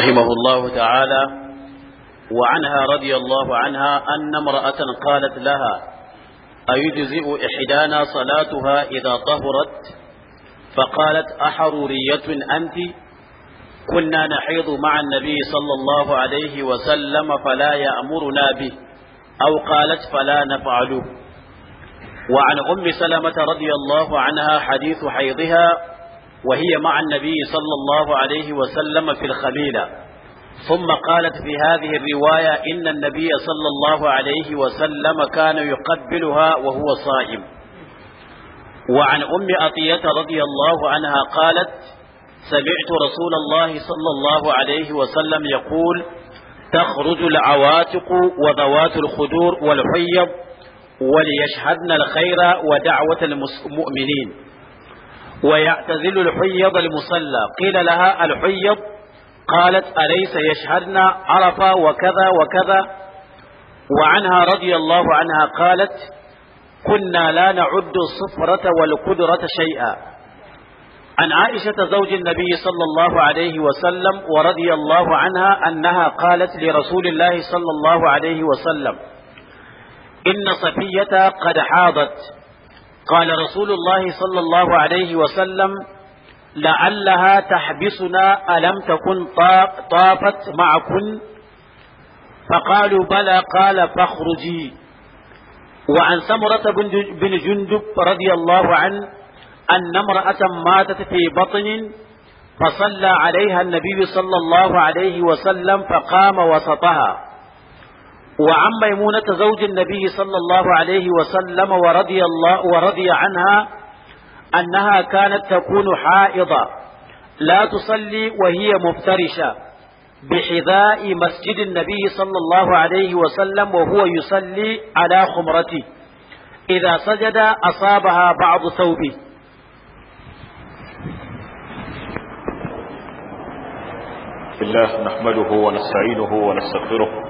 رحمه الله تعالى وعنها رضي الله عنها أن امرأة قالت لها أيجزئ إحدانا صلاتها إذا طهرت فقالت أحرورية أنت كنا نحيض مع النبي صلى الله عليه وسلم فلا يأمرنا به أو قالت فلا نفعله وعن أم سلمة رضي الله عنها حديث حيضها وهي مع النبي صلى الله عليه وسلم في الخليلة ثم قالت في هذه الرواية إن النبي صلى الله عليه وسلم كان يقبلها وهو صائم وعن أم أطية رضي الله عنها قالت سمعت رسول الله صلى الله عليه وسلم يقول تخرج العواتق وذوات الخدور والحيض وليشهدن الخير ودعوة المؤمنين ويعتزل الحيض المصلى قيل لها الحيض قالت أليس يشهدنا عرفة وكذا وكذا وعنها رضي الله عنها قالت كنا لا نعد الصفرة والقدرة شيئا عن عائشة زوج النبي صلى الله عليه وسلم ورضي الله عنها أنها قالت لرسول الله صلى الله عليه وسلم إن صفية قد حاضت قال رسول الله صلى الله عليه وسلم لعلها تحبسنا ألم تكن طافت معكن فقالوا بلى قال فاخرجي وعن سمرة بن جندب رضي الله عنه أن امرأة ماتت في بطن فصلى عليها النبي صلى الله عليه وسلم فقام وسطها وعن ميمونة زوج النبي صلى الله عليه وسلم ورضي, الله ورضي عنها أنها كانت تكون حائضة لا تصلي وهي مفترشة بحذاء مسجد النبي صلى الله عليه وسلم وهو يصلي على خمرته إذا سجد أصابها بعض ثوبه بالله نحمده ونستعينه ونستغفره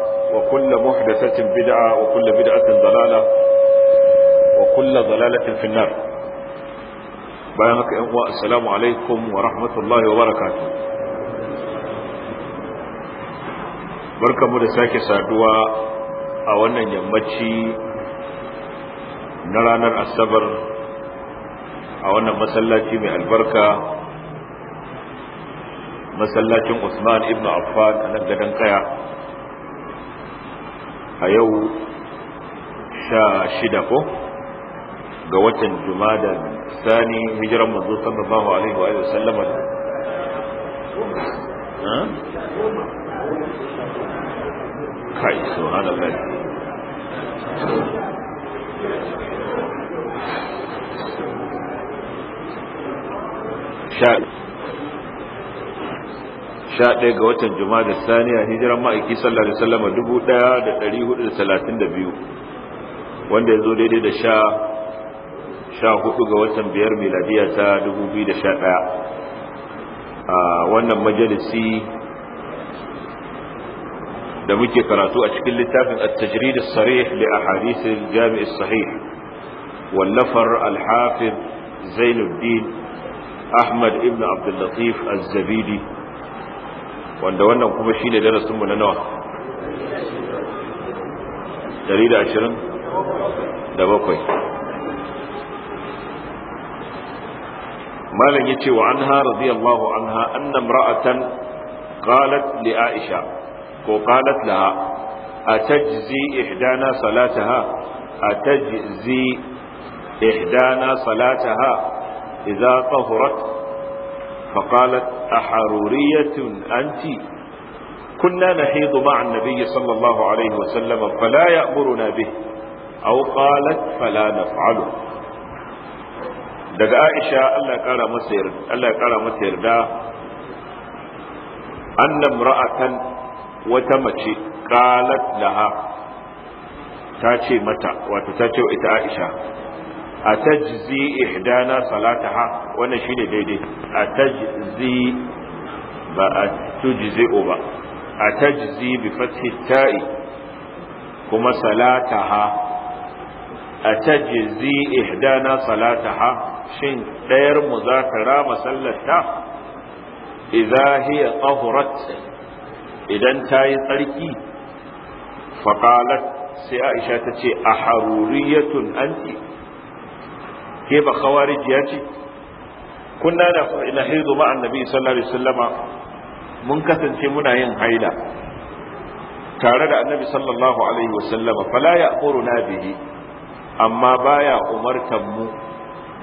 وكل محدثة بدعة وكل بدعة ضلالة وكل ضلالة في النار بيانك أموى السلام عليكم ورحمة الله وبركاته بركة مدساك سادوا أولا يمتشي نرانا السبر أولا مسلاتي من البركة masallacin Usman ibn Affan a nan gadon kaya a yau sha shida ko ga watan jumada sani hijiran manzo sallallahu alaihi wa sallam kai subhanallah sha 11 ga watan Jumada Saniya hijiran ma'aiki sallallahu alaihi wasallam 1432 wanda yazo daidai da sha sha hudu ga watan biyar miladiya ta 2011 a wannan majalisi da muke karatu a cikin littafin at-tajrid as-sarih li ahadith al-jami' as-sahih wallafar al-hafiz Zainuddin Ahmad ibn Abdul Latif az-Zabidi wanda wannan kuma shi ne darasinmu na nawa 120 da bakwai malam yace wa ha radiyallahu anha anna imra'atan qalat li aisha ko qalat laha atajzi ihdana salataha atajzi ihdana salataha idza tahurat فقالت أحرورية أنت كنا نحيض مع النبي صلى الله عليه وسلم فلا يأمرنا به أو قالت فلا نفعله daga Aisha Allah ya kara masa yarda Allah ya kara mata yarda annam ra'atan wata mace qalat laha ta ce mata wato ta ce ita Aisha a tajzi ihdana salataha wannan shine daidai a tajzi ba a tujzi'u ba a tajzi bi fathi ta'i kuma salataha a tajzi ihdana salataha shin ɗayar mu za ta rama sallarta idza hiya tahurat idan ta yi tsarki faqalat sai aisha ta ce a haruriyatun anti ke ba khawarij ce kunna da ina haizu ma annabi sallallahu alaihi wasallama mun kasance muna yin haila tare da annabi sallallahu alaihi wasallama fala ya'muruna bihi amma baya umartan mu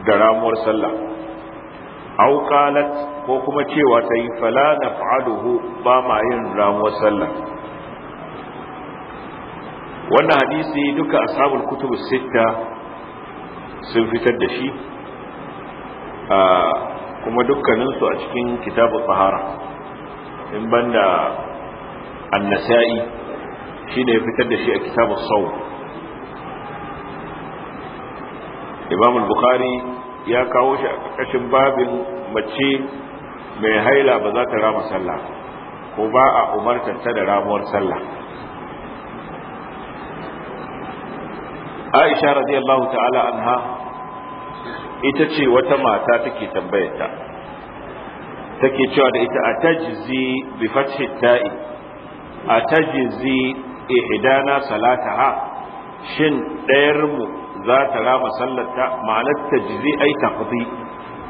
da ramuwar sallah aw qalat ko kuma cewa ta yi fala naf'aluhu ba ma yin ramuwar sallah wannan hadisi duka ashabul kutubus sitta sun fitar da shi kuma dukkaninsu a cikin kitabu tsahara in banda annasa'i shi ne ya fitar da shi a kitabu sau imam bukhari ya kawo shi a ƙarƙashin babin mace mai haila ba za ta rama sallah ko ba a umartanta da ramuwar sallah aisha radiyallahu ta'ala anha ita ce wata mata take tambayarta take cewa da ita atajzi bi fathi ta'i atajzi ihdana salataha shin dayar mu za ta rama sallarta ma'anar tajzi ai taqdi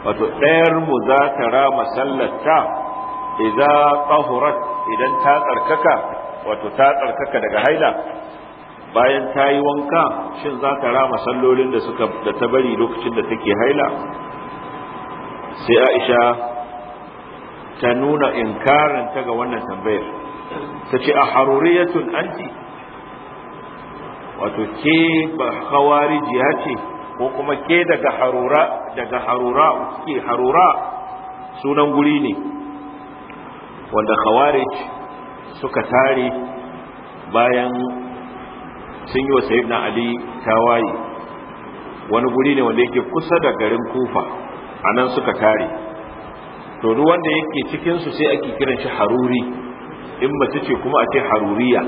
wato ɗayar mu za ta rama sallarta idza tahurat idan ta tsarkaka wato ta tsarkaka daga haila bayan ta yi wanka shin za ta rama sallolin da suka da ta bari lokacin da take haila sai aisha ta nuna inkarin ta ga wannan tambayar ta ce a haruriyatun anti wato ke ba hawarijiya ce ko kuma ke daga harura daga harura ke harura sunan guri ne wanda khawarij suka tare bayan sun yi wa sayyidina ali tawaye wani guri ne wanda yake kusa da garin kufa a nan suka tare to duk wanda yake cikinsu sai ake kiran shi haruri in mace ce kuma a ce haruriya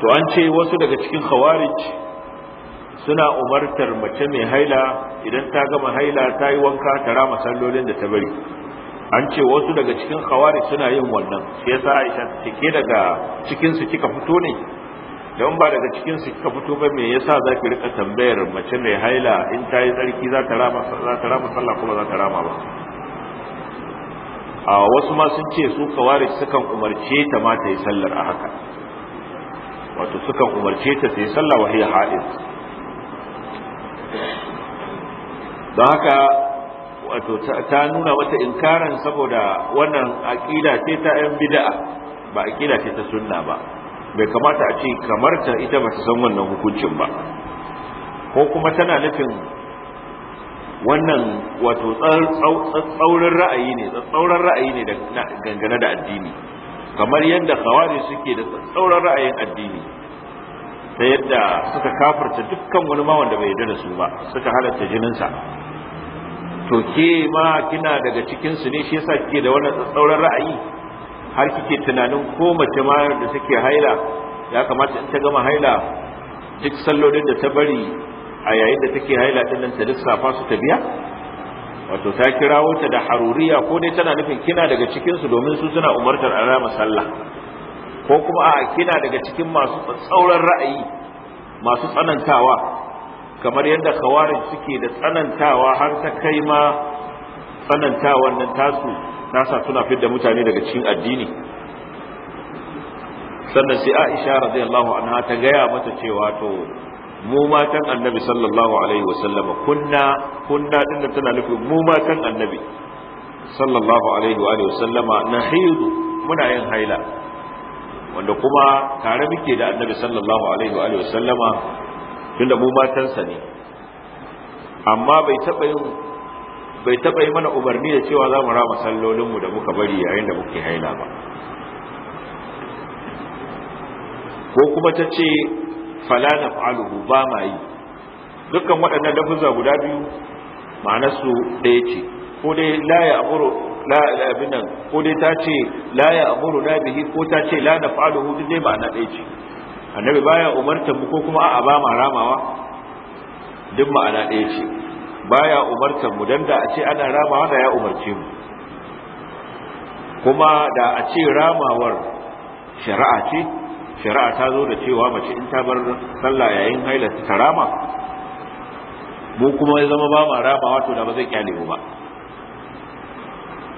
to an ce wasu daga cikin khawarij suna umartar mace mai haila idan ta gama haila ta yi wanka ta rama sallolin da ta bari an ce wasu daga cikin khawari suna yin wannan sai yasa Aisha take ce ke daga cikin su kika fito ne don ba daga cikin su kika fito ba me yasa zaki rika tambayar mace mai haila in ta yi tsarki za ta rama za ta rama sallah kuma za ta rama ba a wasu ma sun ce su khawari sukan umarce ta ma ta yi sallar a haka wato sukan umarce ta ta yi sallah wa hiya haid don haka wato ta nuna wata inkarin saboda wannan aqida ce ta yan bid'a ba aqida ce ta sunna ba bai kamata a ce kamar ta ita ba ta san wannan hukuncin ba ko kuma tana nufin wannan wato tsauran ra'ayi ne tsauran ra'ayi ne gangana da addini kamar yadda khawarij suke da tsauran ra'ayin addini ta yadda suka kafarta dukkan wani ma wanda bai yarda da su ba suka halatta jininsa to ke ma kina daga cikinsu ne shi yasa kike da wannan tsauran ra'ayi har kike tunanin ko mace ma da take haila ya kamata in ta gama haila duk sallolin da ta bari a yayin da take haila din nan ta lissafa su ta biya wato ta kirawo ta da haruriya ko dai tana nufin kina daga cikinsu domin su suna umartar rama sallah ko kuma a kina daga cikin masu tsauran ra'ayi masu tsanantawa kamar yadda khawarij suke da tsanantawa har ta kai ma tsanantawan nan tasu nasa suna fidda mutane daga cikin addini sannan sai Aisha radiyallahu anha ta gaya mata cewa to mu matan annabi sallallahu alaihi wasallama kunna kunna din tana nufin mu matan annabi sallallahu alaihi wa wasallama nahidu muna yin haila wanda kuma tare muke da annabi sallallahu alaihi wa wasallama tunda mu matansa ne amma bai taɓa yin bai yi mana umarni da cewa za mu rama sallolinmu da muka bari yayin da muke haila ba ko kuma ta ce falana na fa'aluhu ba ma yi dukkan waɗannan lafuzza guda biyu ma'anarsu ɗaya ce ko dai la ya amuru la ko dai ta ce la ya amuru na bihi ko ta ce la na fa'aluhu duk dai ma'ana ɗaya ce annabi baya umarta mu ko kuma a ba ma ramawa duk ma'ana ɗaya ce baya umarta mu dan da a ce ana ramawa da ya umarce mu kuma da a ce ramawar shari'a ce shari'a ta zo da cewa mace in ta bar sallah yayin haila ta rama mu kuma ya zama ba ma ramawa to da ba zai kyale mu ba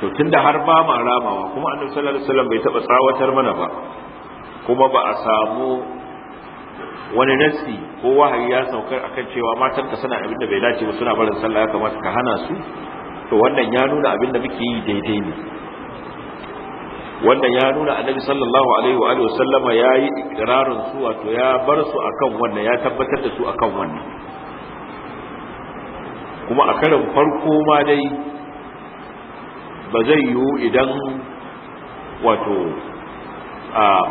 to tunda har ba ma ramawa kuma annabi sallallahu alaihi wasallam bai taba tsawatar mana ba kuma ba a samu wani nassi ko wahayi ya saukar akan cewa matan ka suna abin da bai dace ba suna barin sallah ya kamata ka hana su to wannan ya nuna abin da muke yi daidai ne wannan ya nuna annabi sallallahu alaihi wa alihi sallama yayi ikrarin su wato ya bar su akan wannan ya tabbatar da su akan wannan kuma a karin farko ma dai ba zai yiwu idan wato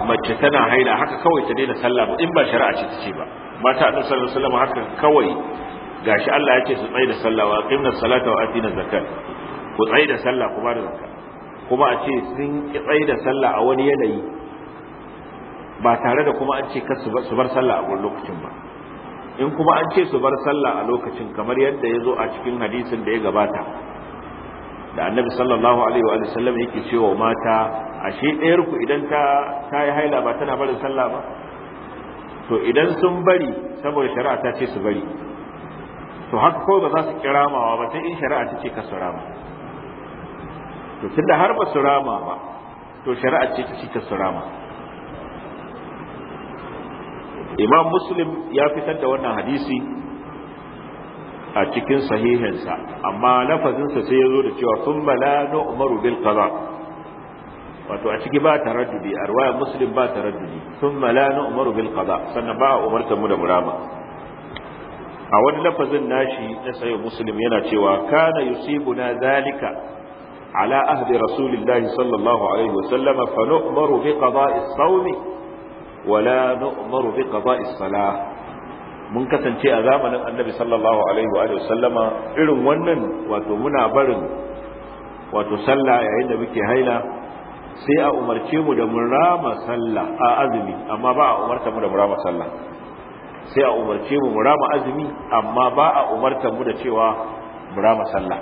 mace tana haila haka kawai ta daina sallah ba in ba shari'a ce ta ce ba mata annabi sallallahu alaihi wasallam haka kawai gashi Allah ya ce su tsaya da sallah wa aqimna salata wa atina zakat ku tsaya da sallah ku ba da zakat kuma a ce sun tsaya da sallah a wani yanayi ba tare da kuma an ce kar su bar sallah a wani lokacin ba in kuma an ce su bar sallah a lokacin kamar yadda ya zo a cikin hadisin da ya gabata da annabi sallallahu alaihi wa sallam yake cewa mata ashe ɗayar ku idan ta ta yi haila ba tana barin sallah ba to idan sun bari saboda shari'a ta ce su bari to haka kawai ba za su kiramawa ba sai in shari'a ta ce ka su rama to tunda har ba su rama ba to shari'a ce ta ce ka su rama imam muslim ya fitar da wannan hadisi a cikin sahihinsa amma lafazinsa sai ya zo da cewa sun bala na umaru bil kaza wato a ciki ba taraddudi a ruwayar musulun ba taraddudi sun bala na umaru bil kaza sannan ba a umarta mu da murama a wani lafazin nashi na sayo musulun yana cewa kana na zalika ala ahdi rasulillahi sallallahu alaihi wa sallama fa nu'maru bi qada'i as-sawmi wa la nu'maru bi qada'i as-salah mun kasance a zamanin annabi sallallahu alaihi wa sallama irin wannan wato muna barin wato sallah yayin da muke haila sai a umarce mu da murama sallah a azumi amma ba a umarta mu da murama sallah sai a umarce mu murama azumi amma ba a umarta mu da cewa mu sallah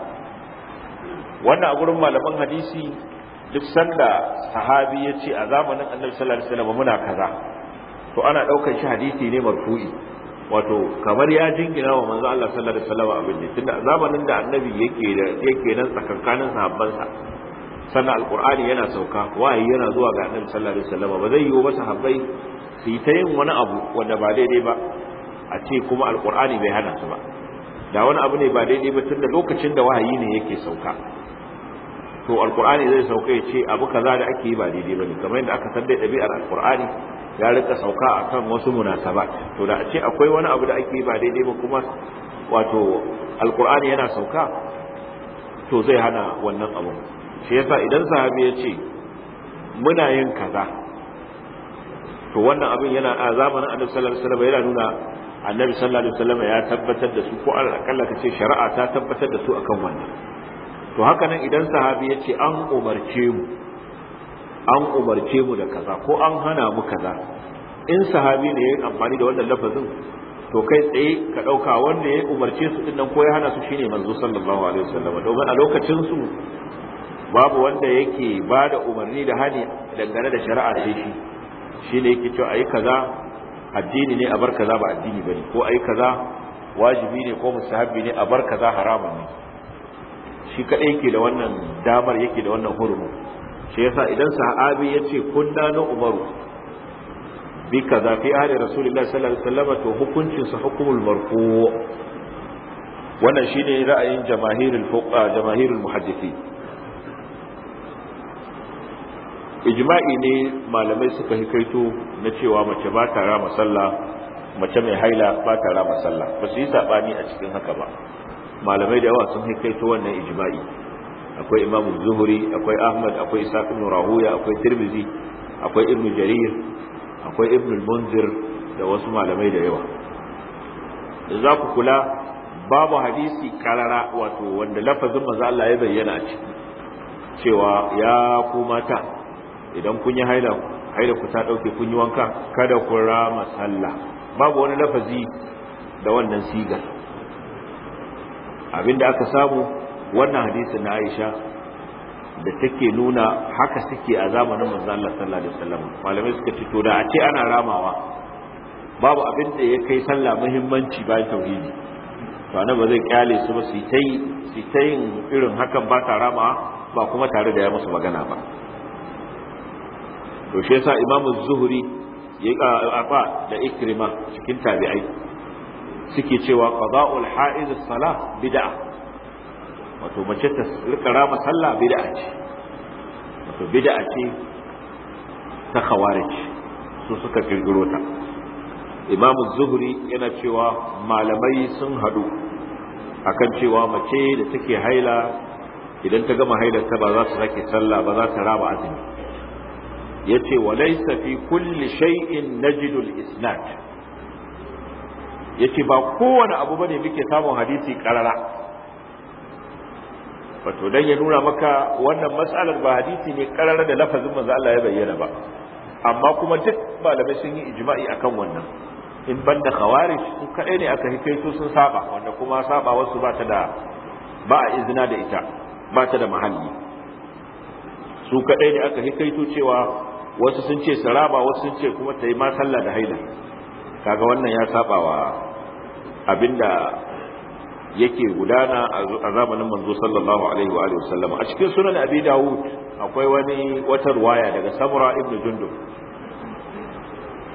wannan a gurin malaman hadisi duk sanda sahabi ya ce a zamanin annabi sallallahu alaihi sallama muna kaza to ana daukar shi hadisi ne marfu'i wato kamar ya jingina wa manzo Allah sallallahu alaihi wasallam abin ne tunda zamanin da annabi yake da yake nan tsakankanin sahabbansa sannan alqur'ani yana sauka wahayi yana zuwa ga annabi sallallahu alaihi wasallam ba zai yiwu ba sahabbai su yi ta yin wani abu wanda ba daidai ba a ce kuma alqur'ani bai hana su ba da wani abu ne ba daidai ba tunda lokacin da wahayi ne yake sauka to alqur'ani zai sauka ya ce abu kaza da ake yi ba daidai ne, kamar yadda aka san dai dabi'ar alqur'ani ya rika sauka a kan wasu ba to da a ce akwai wani abu da ake ba daidai ba kuma wato alkur'ani yana sauka to zai hana wannan abu shi yasa idan sahabi ya ce muna yin kaza to wannan abin yana a zamanin annabi sallallahu alaihi wasallam yana nuna annabi sallallahu alaihi wasallam ya tabbatar da su ko akalla ka ce shari'a ta tabbatar da su akan wannan to haka nan idan sahabi ya ce an umarce mu an umarce mu da kaza ko an hana mu kaza in sahabi ne ya amfani da wannan lafazin to kai tsaye ka ɗauka wanda ya umarce su din nan ko ya hana su shine manzo sallallahu alaihi wasallam domin a lokacin su babu wanda yake ba da umarni da hani dangane da shari'a sai shi shine yake cewa ayi kaza addini ne a bar kaza ba addini bane ko ayi kaza wajibi ne ko musahabi ne a bar kaza haramun ne shi kadai yake da wannan damar yake da wannan hurumin shi yasa idan sahabi ya ce kunna na umaru bi zafi fi ahli rasulillah sallallahu alaihi wasallam to hukuncin sa hukumul marfu wannan shine ra'ayin jamahirul fuqa ah, jamahirul ijma'i ne malamai suka hikaito na cewa mace ba ta rama sallah mace mai haila ba ta rama sallah ba su yi sabani a cikin haka ba malamai da yawa sun hikaito wannan ijma'i akwai imamu zuhuri akwai ahmad akwai isaac rahuya akwai tirmizi akwai ibn jarir akwai ibn munzir da wasu malamai da yawa da za ku kula babu hadisi karara wato wanda lafazin maza Allah ya bayyana a cikin. cewa ya ku mata idan kun yi haila haila ku ta dauke kun yi wanka kada ku rama sallah babu wani lafazi da wannan sigar abinda aka samu wannan hadisin na Aisha da take nuna haka suke a zamanin manzo Allah sallallahu alaihi wasallam malamai suka ce to da a ce ana ramawa babu abin da ya kai sallah muhimmanci bayan tauhidi to ba zai kyale su ba su tai su tai irin hakan ba ta rama ba kuma tare da ya musu magana ba to shi yasa imamu zuhri ya aba da ikrima cikin tabi'ai suke cewa qada'ul ha'iz salah bid'ah wato mace ta rika rama sallah bid'a ce wato bid'a ce ta khawarij su suka girgiro ta imamu zuhri yana cewa malamai sun hadu akan cewa mace da take haila idan ta gama ta ba za ta sake sallah ba za ta raba azumi yace wa laysa fi kulli shay'in najidu al-isnad yace ba kowane abu bane muke samun hadisi karara wato dan ya nuna maka wannan matsalar ba hadisi ne karara da lafazin manzo Allah ya bayyana ba amma kuma duk malamai sun yi ijma'i akan wannan in banda khawarij su kadai ne aka hikaito sun saba wanda kuma saba wasu ba ta da ba a izina da ita ba ta da mahalli su kadai ne aka hikaito cewa wasu sun ce saraba wasu sun ce kuma ta yi ma sallah da haila kaga wannan ya saba wa abinda yake gudana a zamanin manzo sallallahu alaihi wa alihi wasallam a cikin sunan abi dawud akwai wani wata ruwaya daga samura ibn jundub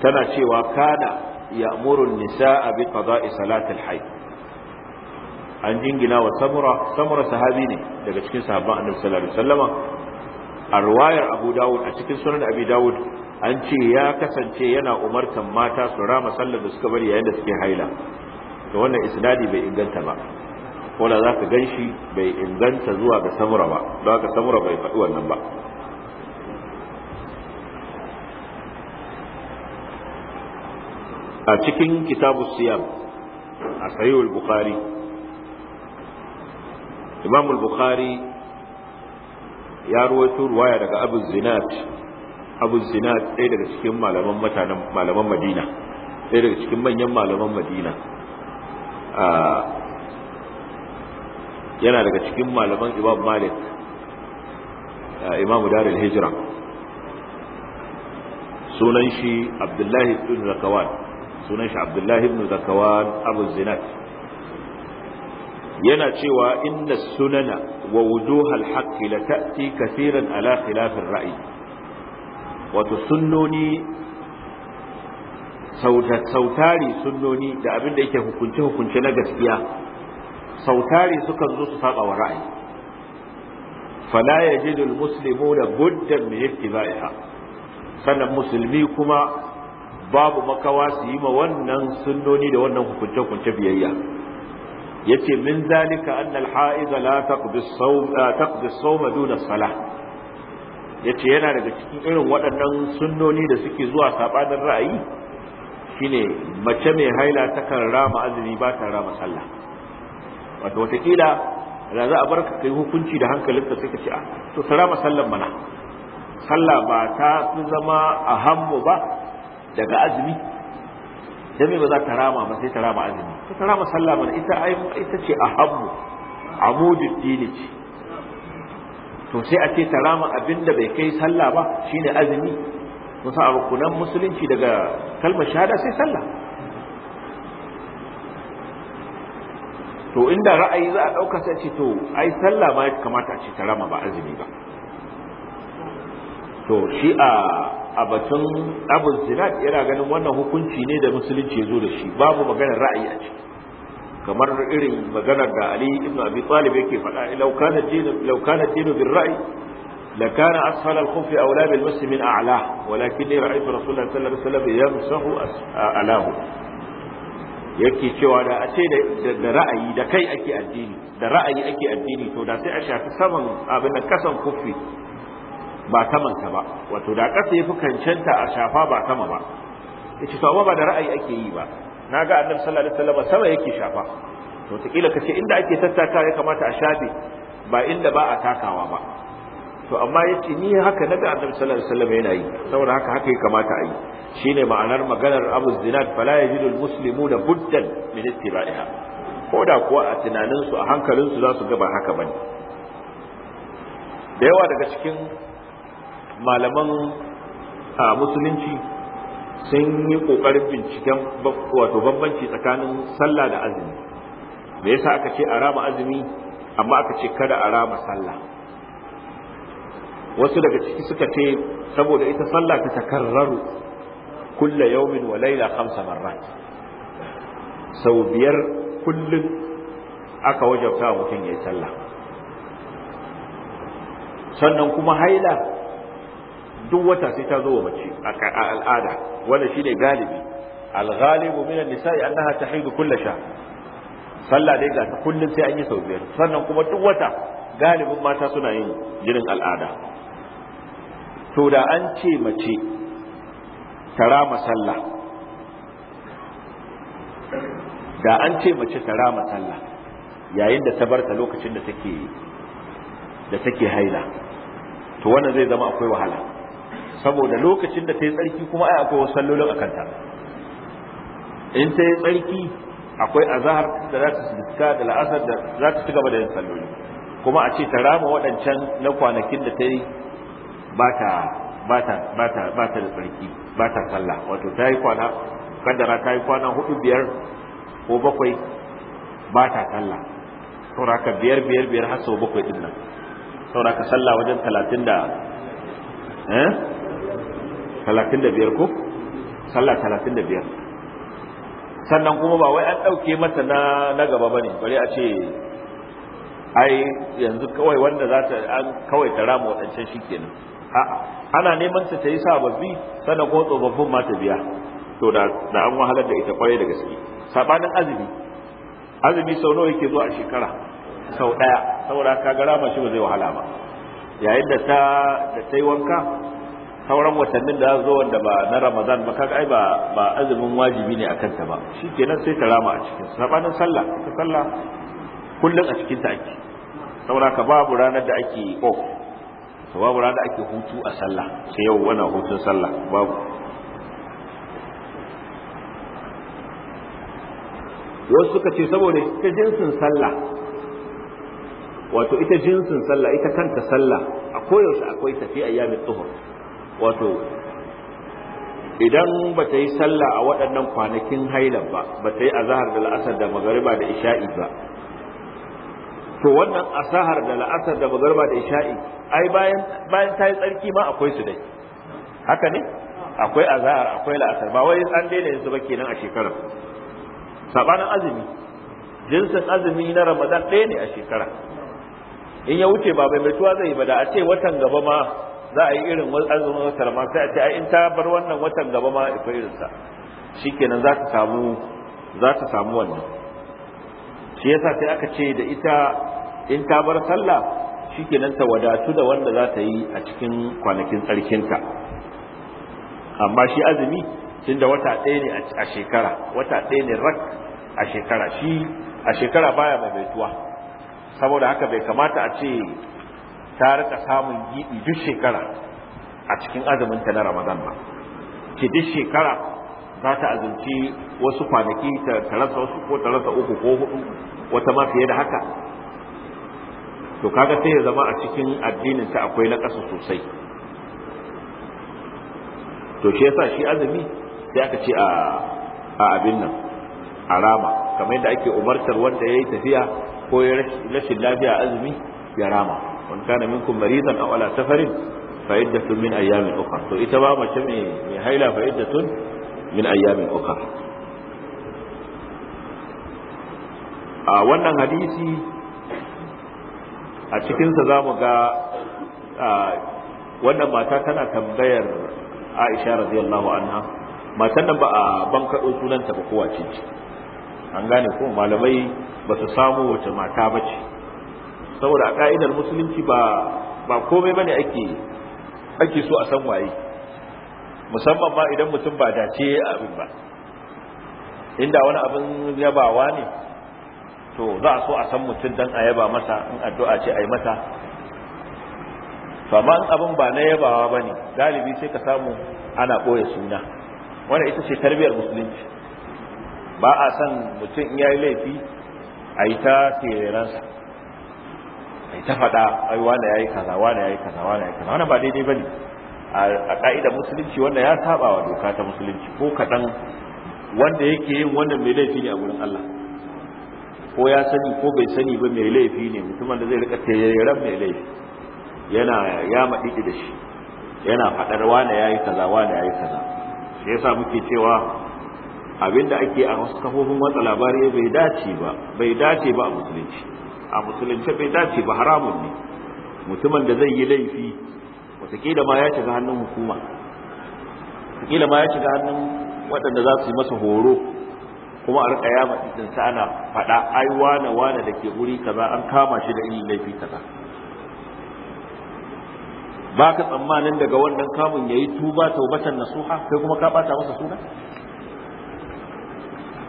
tana cewa kana ya'muru an-nisaa bi qada'i salatil hayd an jingina wa samura samura sahabi ne daga cikin sahabban annabi sallallahu alaihi wasallama a ruwayar abu dawud a cikin sunan abi dawud an ce ya kasance yana umartan mata su rama sallar da suka bari yayin da suke haila Ga wannan isnadi bai inganta ba wanda za ka gan shi bai inganta zuwa ga samura ba don haka samura bai faɗi wannan ba a cikin kitabu siyam a sahihul bukhari imam bukhari ya ruwaito ruwaya daga abu zinat abu zinat ɗaya daga cikin malaman madina ɗaya daga cikin manyan malaman madina yana daga cikin malaman imam malik imamu darul hijira sunan shi abdullahi ibn zakawan sunan shi abdullahi ibn zakawan abu zinat yana cewa inna sunana wa wuduhal haqqi la ta'ti kaseeran ala khilafin ra'yi wato sunnoni sautari sunnoni da abin da yake hukunce hukunce na gaskiya sautari sukan zo su saba wa ra'ayi fala yajidu almuslimuna buddan min ittiba'iha sannan musulmi kuma babu makawa su yi ma wannan sunnoni da wannan hukunce hukunce biyayya yace min zalika anna alha'iza la taqdi as-sawm taqdi as salah yace yana daga cikin irin waɗannan sunnoni da suke zuwa saɓanin ra'ayi shine mace mai haila takan rama azumi ba ta rama sallah wato watakila da za a bar ka kai hukunci da hankalinka sai ka ce ah to ta rama sallan mana sallah ba ta sun zama a hammu ba daga azumi dan mai ba za ta rama ba sai ta rama azumi to ta rama sallah mana ita ai ita ce a hammu amudud dini ce to sai a ce ta rama abinda bai kai sallah ba shine azumi kun abu rukunan musulunci daga kalmar shahada sai sallah to inda ra'ayi za a ɗauka sai ce to ai sallah ma ya kamata a ce ta rama ba azumi ba to shi a a batun abin yana ganin wannan hukunci ne da musulunci ya zo da shi babu maganar ra'ayi a ciki kamar irin maganar da Ali ibn Abi Talib yake faɗa law kana kana bil ra'i لكان أسفل الخف أولى بالمس من أعلاه ولكني رأيت رسول الله صلى الله عليه وسلم يمسح أعلاه yake cewa da a ce da ra'ayi da kai ake addini da ra'ayi ake addini to da sai a shafi saman abin da kasan kufi ba saman ta ba wato da kasa yafi kancanta a shafa ba sama ba yace to amma ba da ra'ayi ake yi ba Na naga annabi sallallahu alaihi wasallam sama yake shafa to ta kila kace inda ake tattaka ya kamata a shafe ba inda ba a takawa ba to amma yace ni haka naga annabi sallallahu alaihi wasallam yana yi saboda haka haka ya kamata a yi shine ma'anar maganar Abu Zinad fala yajidu da buddan min ittiba'iha ko da kuwa a tunanin su a hankalin su zasu ga ba haka bane da yawa daga cikin malaman a musulunci sun yi kokarin binciken wato bambanci tsakanin sallah da azumi me yasa aka ce a rama azumi amma aka ce kada a rama sallah wasu daga ciki suka ce saboda ita sallah ta takarraru kulla yawmin wa laila khamsa marrat sau biyar kullum aka wajabta mutum ya yi sallah sannan kuma haila duk wata sai ta zo wa mace a al'ada wanda shi ne galibi al-ghalibu min an-nisa'i annaha tahidu kulla sha sallah dai ga kullum sai an yi sau biyar sannan kuma duk wata galibin mata suna yin jinin al'ada to da an ce mace ta rama sallah da an ce mace ta rama sallah yayin da ta barta lokacin da take da take haila to wannan zai zama akwai wahala saboda lokacin da ta yi tsarki kuma ai akwai wasu sallolin a kanta in ta yi tsarki akwai azahar da za ta suka da la'asar da za ta ci gaba da yin salloli kuma a ce ta rama waɗancan na kwanakin da ta yi ba ta da tsarki ba ta sallah wato ta yi kwana kaddara ta yi kwana hudu biyar ko bakwai ba ta sallah sauraka biyar biyar biyar har sau bakwai din nan sauraka sallah wajen talatin da eh talatin da biyar ko sallah talatin da biyar sannan kuma ba wai an ɗauke mata na na gaba bane bari a ce ai yanzu kawai wanda za ta an kawai ta rama waɗancan shikenan A'a, ana neman ta yi sababbi sannan kuma tsofaffin ma ta biya to da an wahalar da ita kwarai da gaske sabanin azumi azumi sau nawa yake zuwa a shekara sau daya saboda ka gara ma shi ba zai wahala ba yayin da ta da ta wanka sauran watannin da zo wanda ba na ramadan ba kaga ai ba ba azumin wajibi ne akan ta ba shikenan sai ta rama a cikin sabanin sallah ta sallah kullun a cikin ta ake saboda ka babu ranar da ake off babu rana ake hutu a sallah sai yau wannan hutun sallah babu wasu suka ce saboda ita jinsin sallah wato ita jinsin sallah ita kanta sallah a koyaushe akwai tafiya yamin tuhur wato idan ba ta yi sallah a waɗannan kwanakin hailan ba ba ta yi zahar da la'asar da magariba da isha'i ba to wannan asahar da la'asar da magariba da isha'i ai bayan bayan ta yi tsarki ma akwai su dai haka ne akwai azhar akwai la'asar ba wai an daina yin su ba kenan a shekarar sabanin azumi jinsin azumi na ramadan ɗaya ne a shekara in ya wuce ba bai mutuwa zai ba da a ce watan gaba ma za a yi irin azumin watan ma sai a ce ai in ta bar wannan watan gaba ma akwai irin sa shikenan za ta samu za ta samu wannan shi yasa sai aka ce da ita in ta bar sallah nan ta wadatu da wanda za ta yi a cikin kwanakin tsarkinta amma shi azumi da wata ɗaya ne a shekara wata ɗaya ne rak a shekara shi a shekara baya baituwa saboda haka bai kamata a ce ta rika samun giɗi duk shekara a cikin azuminta na ramadan ba ke duk shekara za ta azumci wasu kwanaki ta rasa wasu ko ta rasa uku ko hudu wata ma fiye da haka to kaga sai ya zama a cikin addinin ta akwai na ƙasa sosai to shi yasa shi azumi sai aka ce a abin nan a rama kamar yadda ake umartar wanda ya yi tafiya ko ya rashin lafiya azumi ya rama wani kana minkum maridan aw ala safarin fa iddatun min ayyamin ukhra to ita ba mace mai haila fa iddatun min ayyamin ukhra a wannan hadisi a cikinsa za mu ga wannan mata tana tambayar aisha radiyallahu anha matan nan ba a bankaɗo sunanta ba kowa ce an gane ko malamai ba su samu wace mata ba ce saboda a ka'idar musulunci ba ba komai bane ake ake so a san waye musamman ma idan mutum ba dace abin ba inda wani abin yabawa ne to za a so a san mutum dan a yaba masa in addu'a ce a yi masa to amma in abin ba na yabawa ba ne galibi sai ka samu ana ɓoye suna wanda ita ce tarbiyyar musulunci ba a san mutum in yayi laifi a yi ta tereransa a yi ta faɗa ai wane ya yi kaza wane ya yi kaza wane ya yi kaza wannan ba daidai ba ne a ƙa'ida musulunci wanda ya saba wa doka ta musulunci ko kaɗan wanda yake yin wannan mai laifi ne a gurin Allah ko ya sani ko bai sani ba mai laifi ne mutumin da zai rika tayyaran mai laifi yana ya maɗiɗi da shi yana faɗar wane ya yi kaza wane ya yi kaza shi yasa muke cewa abinda ake a wasu kafofin watsa labari bai dace ba bai dace ba a musulunci a musulunci bai dace ba haramun ne mutumin da zai yi laifi wataƙila ma ya shiga hannun hukuma wataƙila ma ya shiga hannun waɗanda za su yi masa horo kuma a rika yaba cikin sa ana faɗa ai wane wane da ke guri kaza an kama shi da irin laifi kaza ba ka tsammanin daga wannan kamun yayi tuba taubatan nasuha kai kuma ka bata masa suna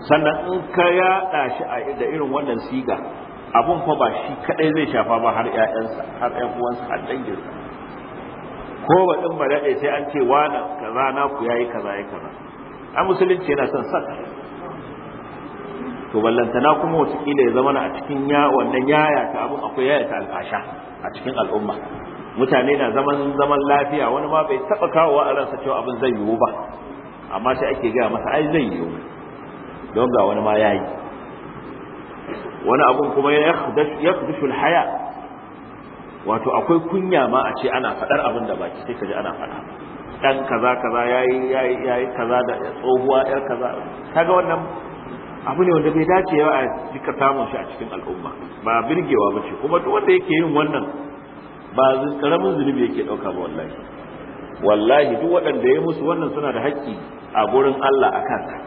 sannan in ka yaɗa shi a da irin wannan siga abun fa ba shi kadai zai shafa ba har ƴaƴansa har ƴan uwansa har danginsa ko ba din ba daɗe sai an ce wani kaza na ku yayi kaza yayi kaza a musulunci yana son saka to ballantana kuma watakila ya zama a cikin ya wannan yaya ta abin akwai yaya ta alƙasha a cikin al'umma mutane na zaman zaman lafiya wani ma bai taba kawowa a ransa cewa abin zai yiwu ba amma sai ake gaya masa ai zai yiwu don ga wani ma ya yi, wani abun kuma ya yakhdashu haya. wato akwai kunya ma a ce ana fadar abin da baki sai ji ana fada dan kaza kaza yayi yayi kaza da tsohuwa yar kaza kaga wannan abu ne wanda bai dace ya a jika samun shi a cikin al'umma ba birgewa ba ce kuma duk wanda yake yin wannan ba karamin zunubi yake dauka ba wallahi wallahi duk waɗanda ya musu wannan suna da haƙƙi a gurin Allah a kanka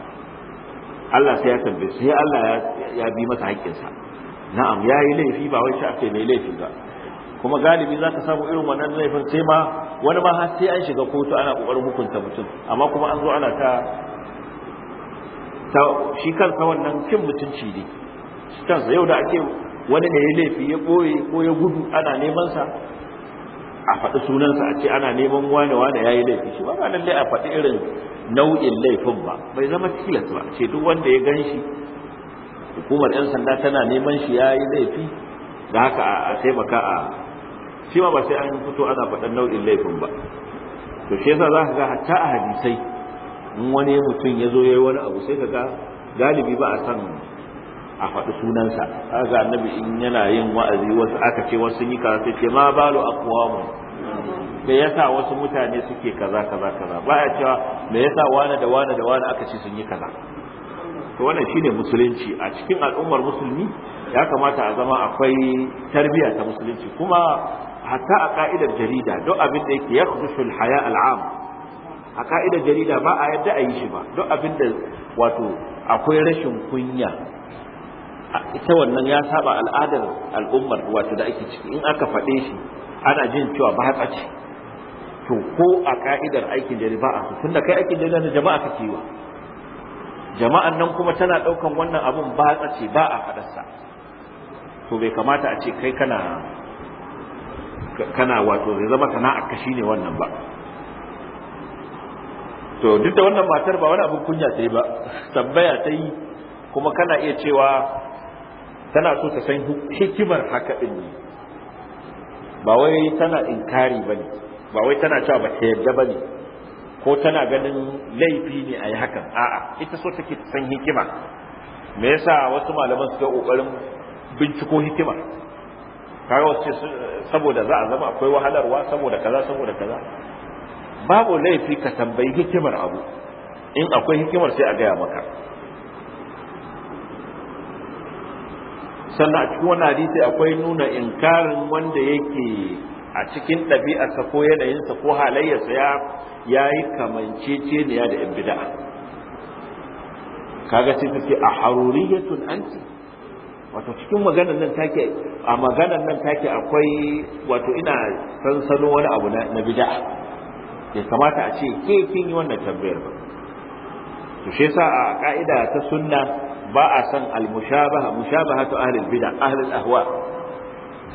Allah sai ya tambaye sai Allah ya bi masa haƙƙinsa na'am ya yi laifi ba wai shi ake mai laifi ba kuma galibi za ka samu irin wannan laifin sai ma wani ma har sai an shiga kotu ana ƙoƙarin hukunta mutum amma kuma an zo ana ta shi kan kansa wannan cin mutunci ne shi kansa yau da ake wani ne ya laifi ya ɓoye ko ya gudu ana neman sa a faɗi sunansa a ce ana neman wane wane ya yi laifi shi ba ba lallai a faɗi irin nau'in laifin ba bai zama tilas ba ce duk wanda ya gan shi hukumar 'yan sanda tana neman shi ya yi laifi da haka a taimaka a shi ma ba sai an fito ana faɗin nau'in laifin ba to shi yasa za ka ga hatta a hadisai in wani mutum ya zo ya yi wani abu sai ga galibi ba a san a faɗi sunansa ga annabi in yana yin wa'azi wasu aka ce wasu yi kaza sai ce ma balu mu? me yasa wasu mutane suke kaza kaza kaza ba ya cewa me yasa wani da wani da wani aka ce sun yi kaza to wannan shine musulunci a cikin al'ummar musulmi ya kamata a zama akwai tarbiyya ta musulunci kuma hatta a ka'idar jarida duk abin da yake yakhdushu haya al'am a ka'idar jarida ba a yadda a yi shi ba duk abin da wato akwai rashin kunya ita wannan ya saba al'adar al'ummar wato da ake ciki in aka faɗe shi ana jin cewa ba haka ce to ko a ka'idar aikin jarida ba a su da kai aikin jarida na jama'a kake yi wa jama'an nan kuma tana ɗaukan wannan abun ba haka ce ba a faɗarsa to bai kamata a ce kai kana kana wato zai zama sana'a kashi ne wannan ba to duk da wannan matar ba wani abin kunya ta yi ba tambaya ta yi kuma kana iya cewa tana so ta san hikimar haka din ne ba wai tana inkari ba ne ba wai tana cewa ba ta yarda ba ne ko tana ganin laifi ne a yi hakan a'a ita so take san hikima me yasa wasu malaman suka kokarin binciko hikima kaga wasu saboda za a zama akwai wahalarwa saboda kaza saboda kaza babu laifi ka tambayi hikimar abu in akwai hikimar sai a gaya maka sannan a cikin wani hadisi akwai nuna inkarin wanda yake a cikin ɗabi'arsa ko yanayinsa ko halayyarsa ya yi kamanceceniya da yan bida'a kaga sai take a haruriyatun anti wato cikin maganar nan take a maganar nan take akwai wato ina sansano wani abu na bid'a ya kamata a ce ke kin yi wannan tambayar ba to shi yasa a ka'ida ta sunna ba a san al-mushabaha Mushabaha to ahli bid'a ahli ahwa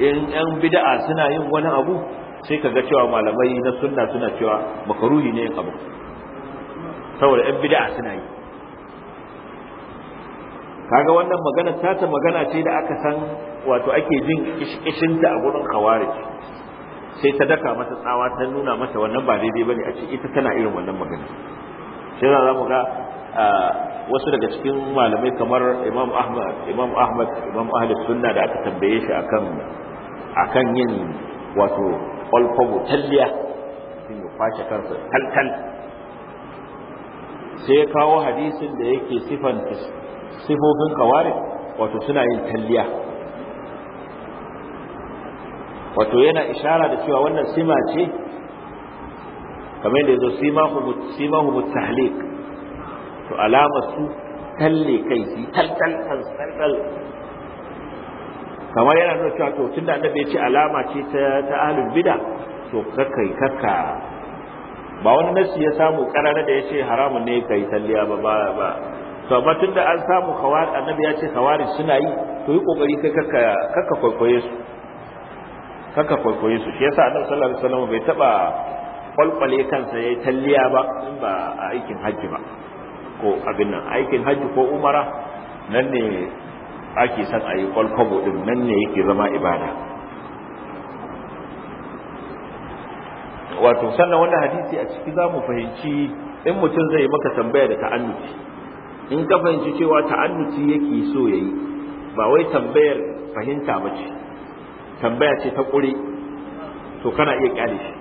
in yan bid'a suna yin wani abu sai kaga cewa malamai na sunna suna cewa makaruhi ne abu saboda yan bid'a suna yi kaga wannan magana ta ta magana ce da aka san wato ake jin kishinta a gurin khawarij sai ta daka mata tsawa ta nuna mata wannan ba daidai bane a ce ita tana irin wannan magana shi za mu ga wasu daga cikin malamai kamar Imam Ahmad Imam Ahmad Imam Ahlus Sunna da aka tambaye shi akan akan yin wato alfabu talliya sun ya fashe kansa taltal sai ya kawo hadisin da yake sifan sifofin kawari wato suna yin talliya wato yana ishara da cewa wannan sima ce kamar yadda yazo sima simahu tahliq to alama su talle kai su taltal taltal kamar yana nuna cewa to tunda annabi ya ce alama ce ta ta ahlul bid'a to kakai kaka ba wani nasi ya samu karara da ya ce haramun ne kai talliya ba ba ba to amma tunda an samu khawar annabi ya ce khawari suna yi to yi kokari kai kaka kaka kwaikwaye su kaka kwaikwayi su shi yasa annabi sallallahu alaihi wasallam bai taba kwalkwale kansa yayi talliya ba in ba a aikin hajji ba ko abin nan aikin hajji ko umara nan ne ake son a yi kwalkwabo din nan ne yake zama ibada wato sannan wanda hadisi a ciki za mu fahimci in mutum zai maka tambaya da ta'annuci in ka fahimci cewa ta'annuci yake so yayi ba wai tambayar fahimta ba ce tambaya ce ta ƙuri to kana iya kyale shi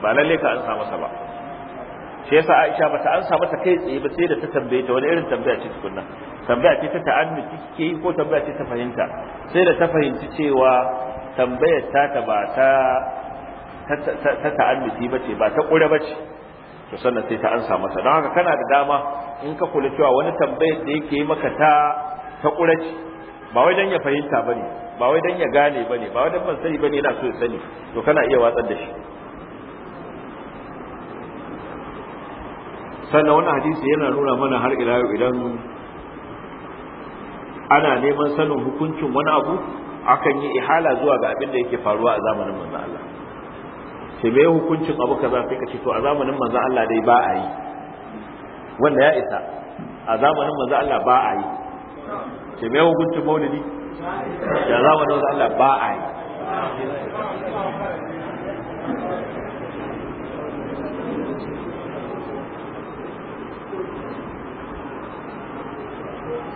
ba lalle ka ansa masa ba shi yasa Aisha bata ansa mata kai tsaye ba sai da ta tambaye ta wani irin tambaya ce tukunna tambaya ce ta ta'annu kike yi ko tambaya ce ta fahimta sai da ta fahimci cewa tambayar ta ta ba ta ta ba bace ba ta ƙure bace to sannan sai ta ansa masa don haka kana da dama in ka kula cewa wani tambayar da yake maka ta ta ƙure ba wajen ya fahimta bane ba wai dan ya gane bane ba wai dan ban sani bane yana so ya sani to kana iya watsar da shi sannan wani hadisi yana nuna mana har ila yau idan ana neman sanin hukuncin wani abu akan yi ihala zuwa ga abin da yake faruwa a zamanin manzo Allah ce me hukuncin abu kaza sai ka ce to a zamanin manzo Allah dai ba a yi wanda ya isa a zamanin manzo Allah ba a yi ce me hukuncin maulidi da zamanin da Allah ba a yi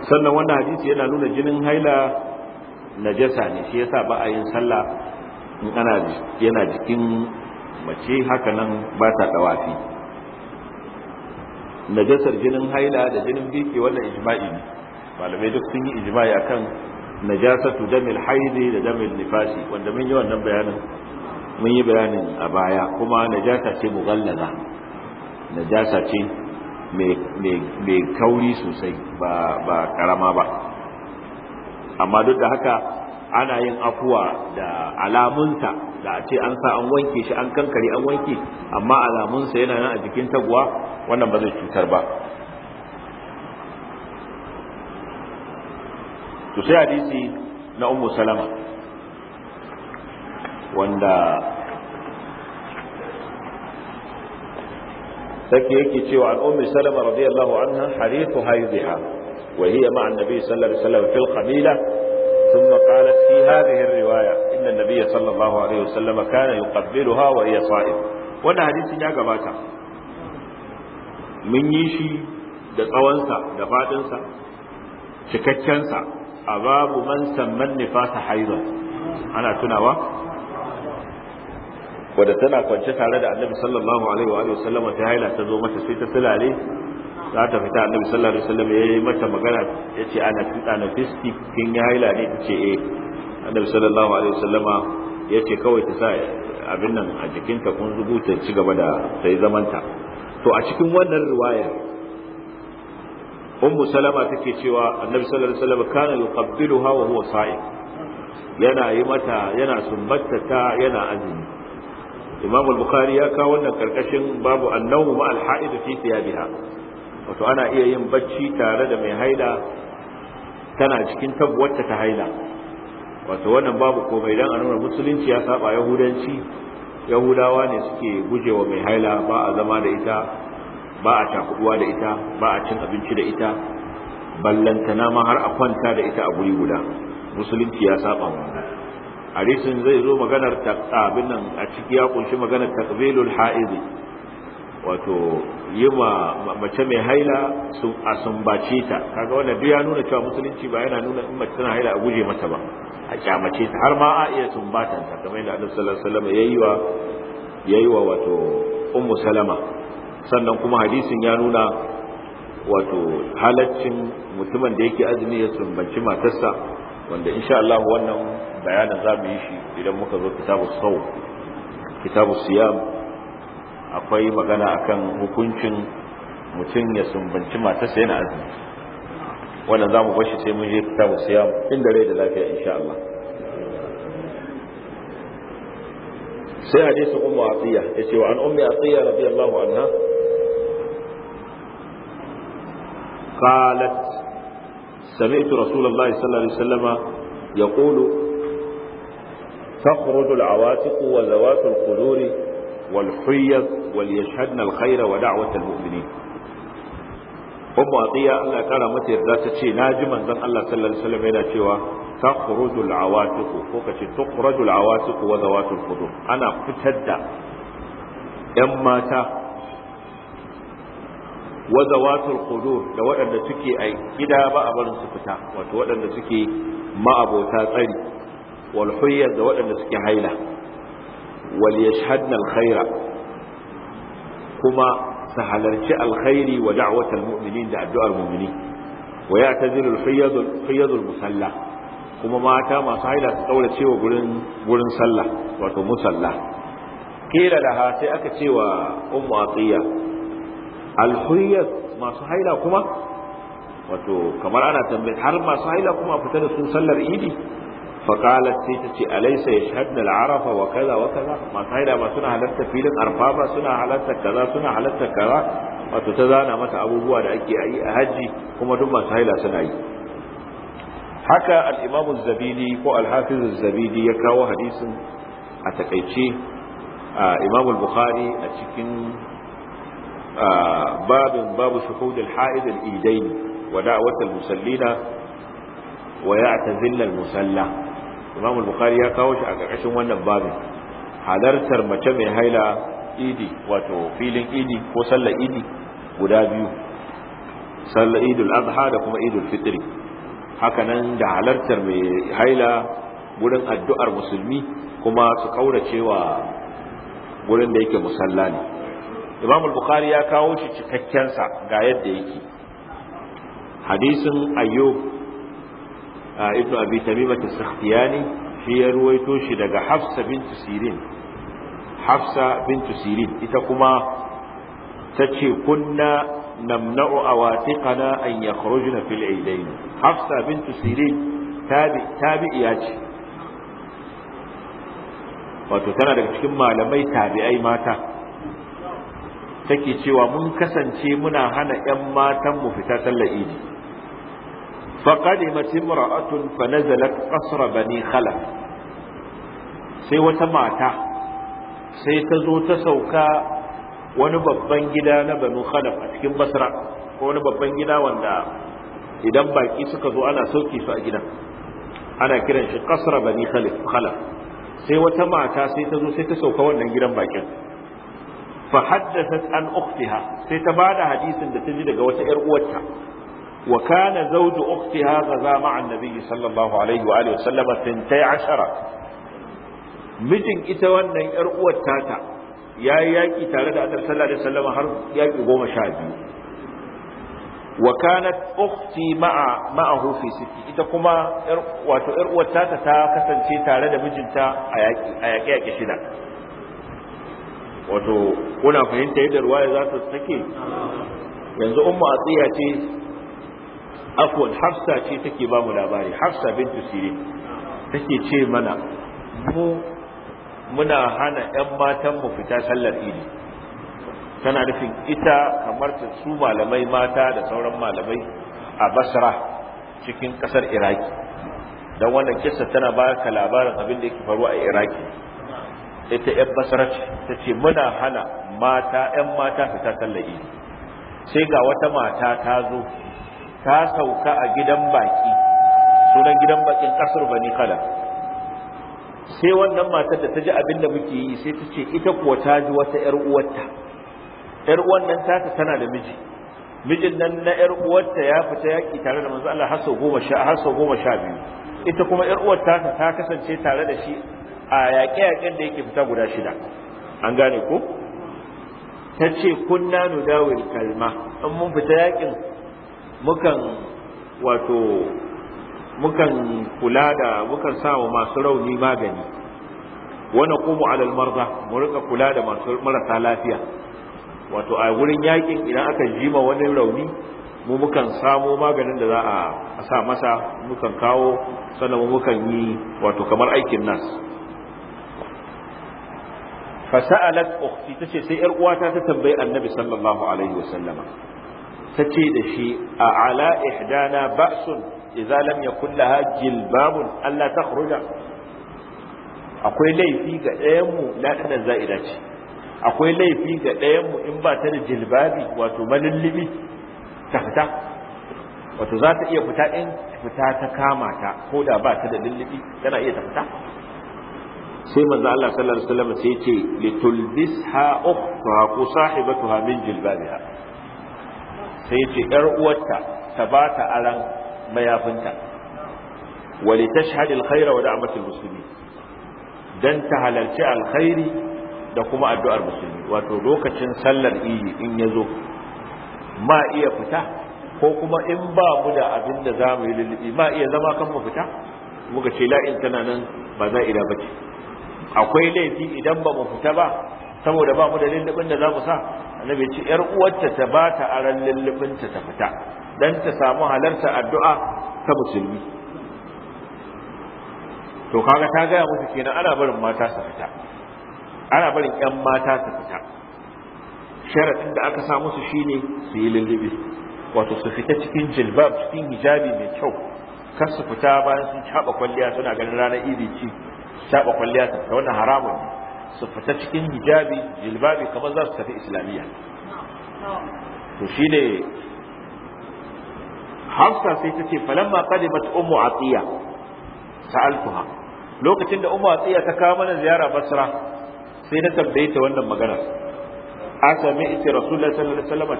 sannan wannan hadisi yana nuna jinin haila na jasa ne shi yasa ba a yin sallah in ana yana jikin mace haka nan ba ta dawafi najasar jinin haila da jinin biki wannan ijma'i ne malamai duk sun yi ijma'i akan najasatu damil haidi da damil nifasi wanda mun yi wannan bayanin mun yi bayanin a baya kuma najasa ce mughallaza najasa ce mai kauri sosai ba ba karama ba amma duk da haka ana yin afuwa da alamunsa da a ce an sa an wanke shi an kankare an wanke amma alamunsa yana nan a jikin taguwa wannan ba zai cutar ba to sai hadisi na ummu salama wanda take yake cewa an ummi salama radiyallahu anha harithu haiziha wa hiya ma'a annabi sallallahu alaihi wasallam fil qabila ثم قالت في هذه الرواية إن النبي صلى الله عليه وسلم كان يقبلها وهي صائم wannan hadisi ya gabata mun yi shi da tsawonsa da faɗinsa sa. a babu man samman nifasa haiza ana tunawa wadda tana kwance tare da annabi sallallahu alaihi wa sallam ta haila ta zo mata sai ta sulale za ta fita annabi sallallahu alaihi wa sallam ya yi mata magana ya ce ana fiski kin yi haila ne ta ce eh annabi sallallahu alaihi wa sallama ya ce kawai ta sa abin nan a jikinta kun zubu ta ci gaba da ta yi zamanta to a cikin wannan riwaya ummu salama take cewa annabi sallallahu alaihi wasallam kana yuqabbiluha wa huwa sa'im yana yi mata yana sumbatta ta yana azumi imam al-bukhari ya kawo wannan karkashin babu annahu ma al-ha'id fi thiyabiha wato ana iya yin bacci tare da mai haila tana cikin tabbuwarta ta haila wato wannan babu komai dan a nuna musulunci ya saba yahudanci yahudawa ne suke gujewa mai haila ba a zama da ita ba a takuduwa da ita ba a cin abinci da ita ballantana ma har a kwanta da ita a guri guda musulunci ya saba wannan hadisin zai zo maganar abin nan a ciki ya kunshi maganar takbilul ha'izi wato yi mace mai haila a sumbace ta kaga wannan duk ya nuna cewa musulunci ba yana nuna in mace tana haila a guje mata ba a kyamace ta har ma a iya sumbatan ta kamar yadda Annabi sallallahu alaihi wasallam yayi wa wato ummu salama sannan kuma hadisin ya nuna wato halaccin mutumin da yake azumi ya sumbanci matarsa wanda insha Allah wannan bayanin za mu yi shi idan muka zo kitabu sau kitabu siyam akwai magana akan hukuncin mutum ya sumbanci matarsa yana azumi wannan za mu bashi sai mun je kitabu siyam inda rai da lafiya insha Allah سي hadisin أم عطية yace أم عطية رضي الله عنها قالت سمعت رسول الله صلى الله عليه وسلم يقول تخرج العواتق وذوات القدور والحيض وليشهدن الخير ودعوة المؤمنين ummu atiya Allah kara mata yarda ta ce na ji manzon Allah sallallahu alaihi wasallam yana cewa takhrujul awatiqu ko kace tukhrajul awatiqu wa zawatul qudur ana fitar da yan mata wa zawatul qudur da waɗanda suke a gida ba a barin su fita wato waɗanda suke ma'abota tsari wal huyya da waɗanda suke haila wal yashhadna al khaira kuma su halarci alkhairi wa da'watul mu'minin da addu'ar mu'mini wa ya'tazilu al-hayyadul musalla kuma mata masu haila su kaura cewa gurin gurin sallah wato musalla kila laha sai aka cewa ummu atiya al masu haila kuma wato kamar ana tambayi har masu haila kuma a fita da su sallar idi فقالت سيتتي أليس يشهدن العرف وكذا وكذا ما سيدا ما سنة حلتا فيلن أرفابا سنة حلتا كذا سنة حلتا كذا ما تتزانا متى أبو بوا لأكي أي أهجي كما دم سهلا سنة أي حكى الإمام الزبيدي هو الحافظ الزبيدي يكاو حديث أتكيشي آه إمام البخاري أتكين آه باب باب شهود الحائد الإيدين ودعوة المسلين ويعتزل المسلّى imam al-bukhari ya kawo shi a ƙarƙashin wannan babin halartar mace mai haila idi wato filin idi ko sallar idi guda biyu sallar idul adha da kuma idul fitri haka nan da halartar mai haila gurin addu'ar musulmi kuma su kaurace wa gurin da yake musalla ne imam al-bukhari ya kawo shi cikakken sa ga yadda yake hadisin ayyub ibnu abi tamimah as-sakhtiyani shi ya ruwaito shi daga hafsa bintu sirin hafsa bintu sirin ita kuma tace kunna namna'u awatiqana an yakhrujna fil aidain hafsa bintu sirin tabi tabi'iya ce wato tana daga cikin malamai tabi'ai mata take cewa mun kasance muna hana 'yan mu fita sallar idi فقدمت امرأة فنزلت قصر bani خلف sai wata mata sai ta zo ta sauka wani babban gida na banu khalaf a cikin basra ko wani babban gida wanda idan baki suka zo ana sauki su a gidan ana kiran shi kasra bani khalaf sai wata mata sai ta zo sai ta sauka wannan gidan bakin fa haddathat an ukhtiha sai ta bada hadisin da ta ji daga wata yar uwarta wa kana zawju ukhtiha ghaza ma'a annabi sallallahu alaihi wa alihi wasallam 12 mijin ita wannan yar uwar tata yayi yaki tare da annabi sallallahu alaihi wasallam har yaki 12 wa kanat ukhti ma'a ma'ahu fi ita kuma yar uwar tata ta kasance tare da mijinta a yaki shida wato kuna fahimta ruwaya za ta yanzu umma atiya ce afwan hafsa ce take ba mu labari hafsa bintu sirin take ce mana mu muna hana 'yan matan mu fita sallar idi tana nufin ita kamar ta su malamai mata da sauran malamai a basra cikin ƙasar iraki don wannan kissa tana ba ka labarin abin da yake faruwa a iraki ita 'yan basra ce ta ce muna hana mata yan mata fita sallar idi sai ga wata mata ta zo ta sauka a gidan baki sunan gidan bakin kasar bani kala sai wannan matar da ta ji abin da muke yi sai ta ce ita kuwa ta ji wata ‘yar uwarta ‘yar uwan nan ta tana da miji mijin nan na ‘yar uwarta ya fita yaƙi tare da manzo Allah har sau goma sha biyu ita kuma ‘yar uwar ta ta kasance tare da shi a yaƙe-yaƙen da yake fita guda shida an gane ko ta ce kunna nu dawil kalma in mun fita yaƙin mukan wato mukan kula da mukan sawa masu rauni magani wani kuma alal marza mu rika kula da masu marasa lafiya wato a wurin yakin idan aka jima wani rauni mu mukan samo maganin da za a sa masa mukan kawo sannan mukan yi wato kamar aikin nas fasa'alat ukhti tace sai yar uwata ta tambayi annabi sallallahu alaihi wasallama ta ce da shi a ala ihdana ba'sun idza lam yakul laha jilbabun alla takhruja akwai laifi ga ɗayan mu na ɗan za'ida ce akwai laifi ga ɗayan mu in ba ta da jilbabi wato malillibi ta fita wato za ta iya fita in fita ta kama ta ko da ba ta da lillibi tana iya ta fita sai manzo Allah sallallahu alaihi wasallam sai ya ce litulbisha ukhtaha ko sahibatuha min jilbabiha sai yace yar uwarta ta ba ta aran mayafinta wa li tashhad al khaira wa da'mat dan ta halarci alkhairi da kuma addu'ar musulmi wato lokacin sallar iyi in yazo ma iya fita ko kuma in ba mu da abin da mu yi lullubi ma iya zama kan mu fita muka ce la'in tana nan ba za ida bace akwai laifi idan ba mu fita ba saboda ba mu da lullubin da za mu sa annabi ce yar uwarta ta ba ta aran lullubin ta ta fita dan ta samu halarta addu'a ta musulmi to kaga ta gaya musu kenan ana barin mata su fita ana barin ƴan mata su fita sharadin da aka sa musu shine su yi lullubi wato su fita cikin jilbab cikin hijabi mai kyau kar su fita bayan sun caɓa kwalliya suna ganin ranar idi ci caɓa kwalliya ta wannan haramun su fita cikin hijabi jilbabi kamar za su tafi islamiyya to shi ne hafsa sai ta ce falamma qadimat ummu atiya sa'altuha lokacin da ummu atiya ta kawo mana ziyara basra sai na tambaye ta wannan magana asami ita rasulullahi sallallahu alaihi wasallam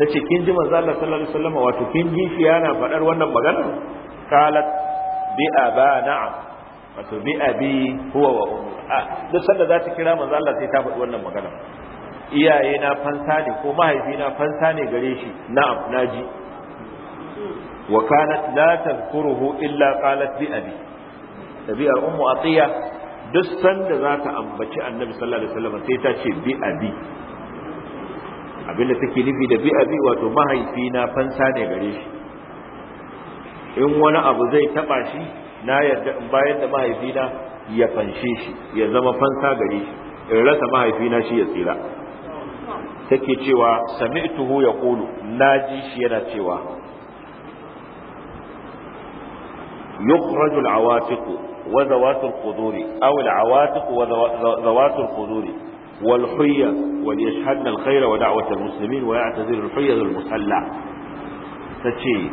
nace kin ji manzo Allah sallallahu alaihi wasallam wato kin ji shi yana faɗar wannan magana qalat bi aba na'am wato bi abi huwa wa ummu a duk sanda za ta kira manzo Allah sai ta faɗi wannan magana iyaye na fansa ne ko mahaifi na fansa ne gare shi na'am naji wa kanat la tadhkuruhu illa qalat bi abi tabi'ar ummu atiya duk sanda za ta ambaci annabi sallallahu alaihi wasallam sai ta ce bi abi abinda take nufi da bi abi wato mahaifi na fansa ne gare shi in wani abu zai taba shi na yarda in bayan da mahaifina ya fanshe shi ya zama fansa gare shi in rasa mahaifina shi ya tsira take cewa sami'tuhu na ji shi yana cewa يخرج العواتق وذوات القدور أو العواتق وذوات القدور والحية وليشهدن الخير ودعوة المسلمين ويعتذر الحية المسلى تشي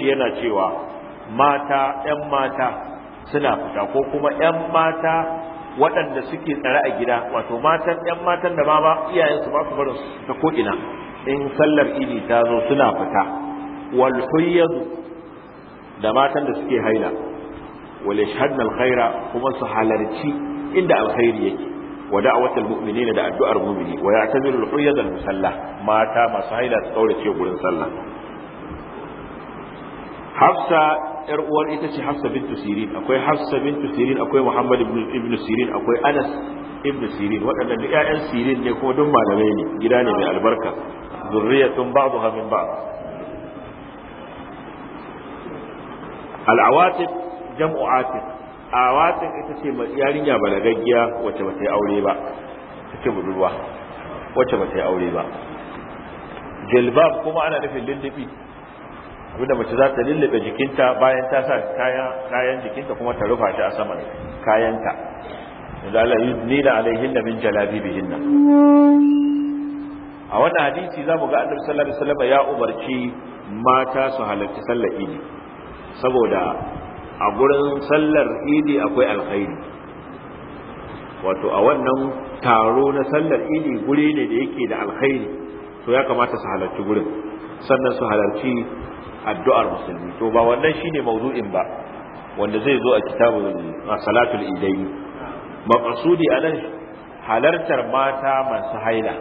shi yana cewa. mata 'yan mata suna fita ko kuma 'yan mata waɗanda suke tsare a gida wato matan 'yan matan da ma ba iyayensu ba su barin ta ko'ina in sallar idi ta zo suna fita wal da matan da suke haila wal yashhadna al khaira kuma su halarci inda alkhairi yake wa da'watul mu'minina da addu'ar mu'mini wa ya'tazilu al huyyad al musalla mata masu haila su kaurace gurin sallah Hafsa yar uwar ita ce Hafsa bintu Sirin akwai Hafsa bintu Sirin akwai Muhammad ibn Sirin akwai Anas ibn Sirin waɗannan duk ƴaƴan Sirin ne kuma duk malamai ne gida ne mai albarka zurriyatun ba'daha min ba'd al-awatib jam'u atib awatib ita ce yarinya balagaggiya wacce ba ta yi aure ba take budurwa wacce ba ta yi aure ba jilbab kuma ana nufin lullubi abinda mace za ta lullube jikinta bayan ta sa kayan jikinta kuma ta rufa shi a saman kayanta da Allah da alaihinna min jalabibihinna a wannan hadisi za mu ga annabi sallallahu alaihi wasallam ya umarci mata su halarci sallar idi saboda a gurin sallar idi akwai alkhairi wato a wannan taro na sallar idi guri ne da yake da alkhairi to ya kamata su halarci gurin sannan su halarci addu'ar musulmi to ba wannan shine mawdu'in ba wanda zai zo a kitabul salatul idaini maqsudi anan halartar mata masu haila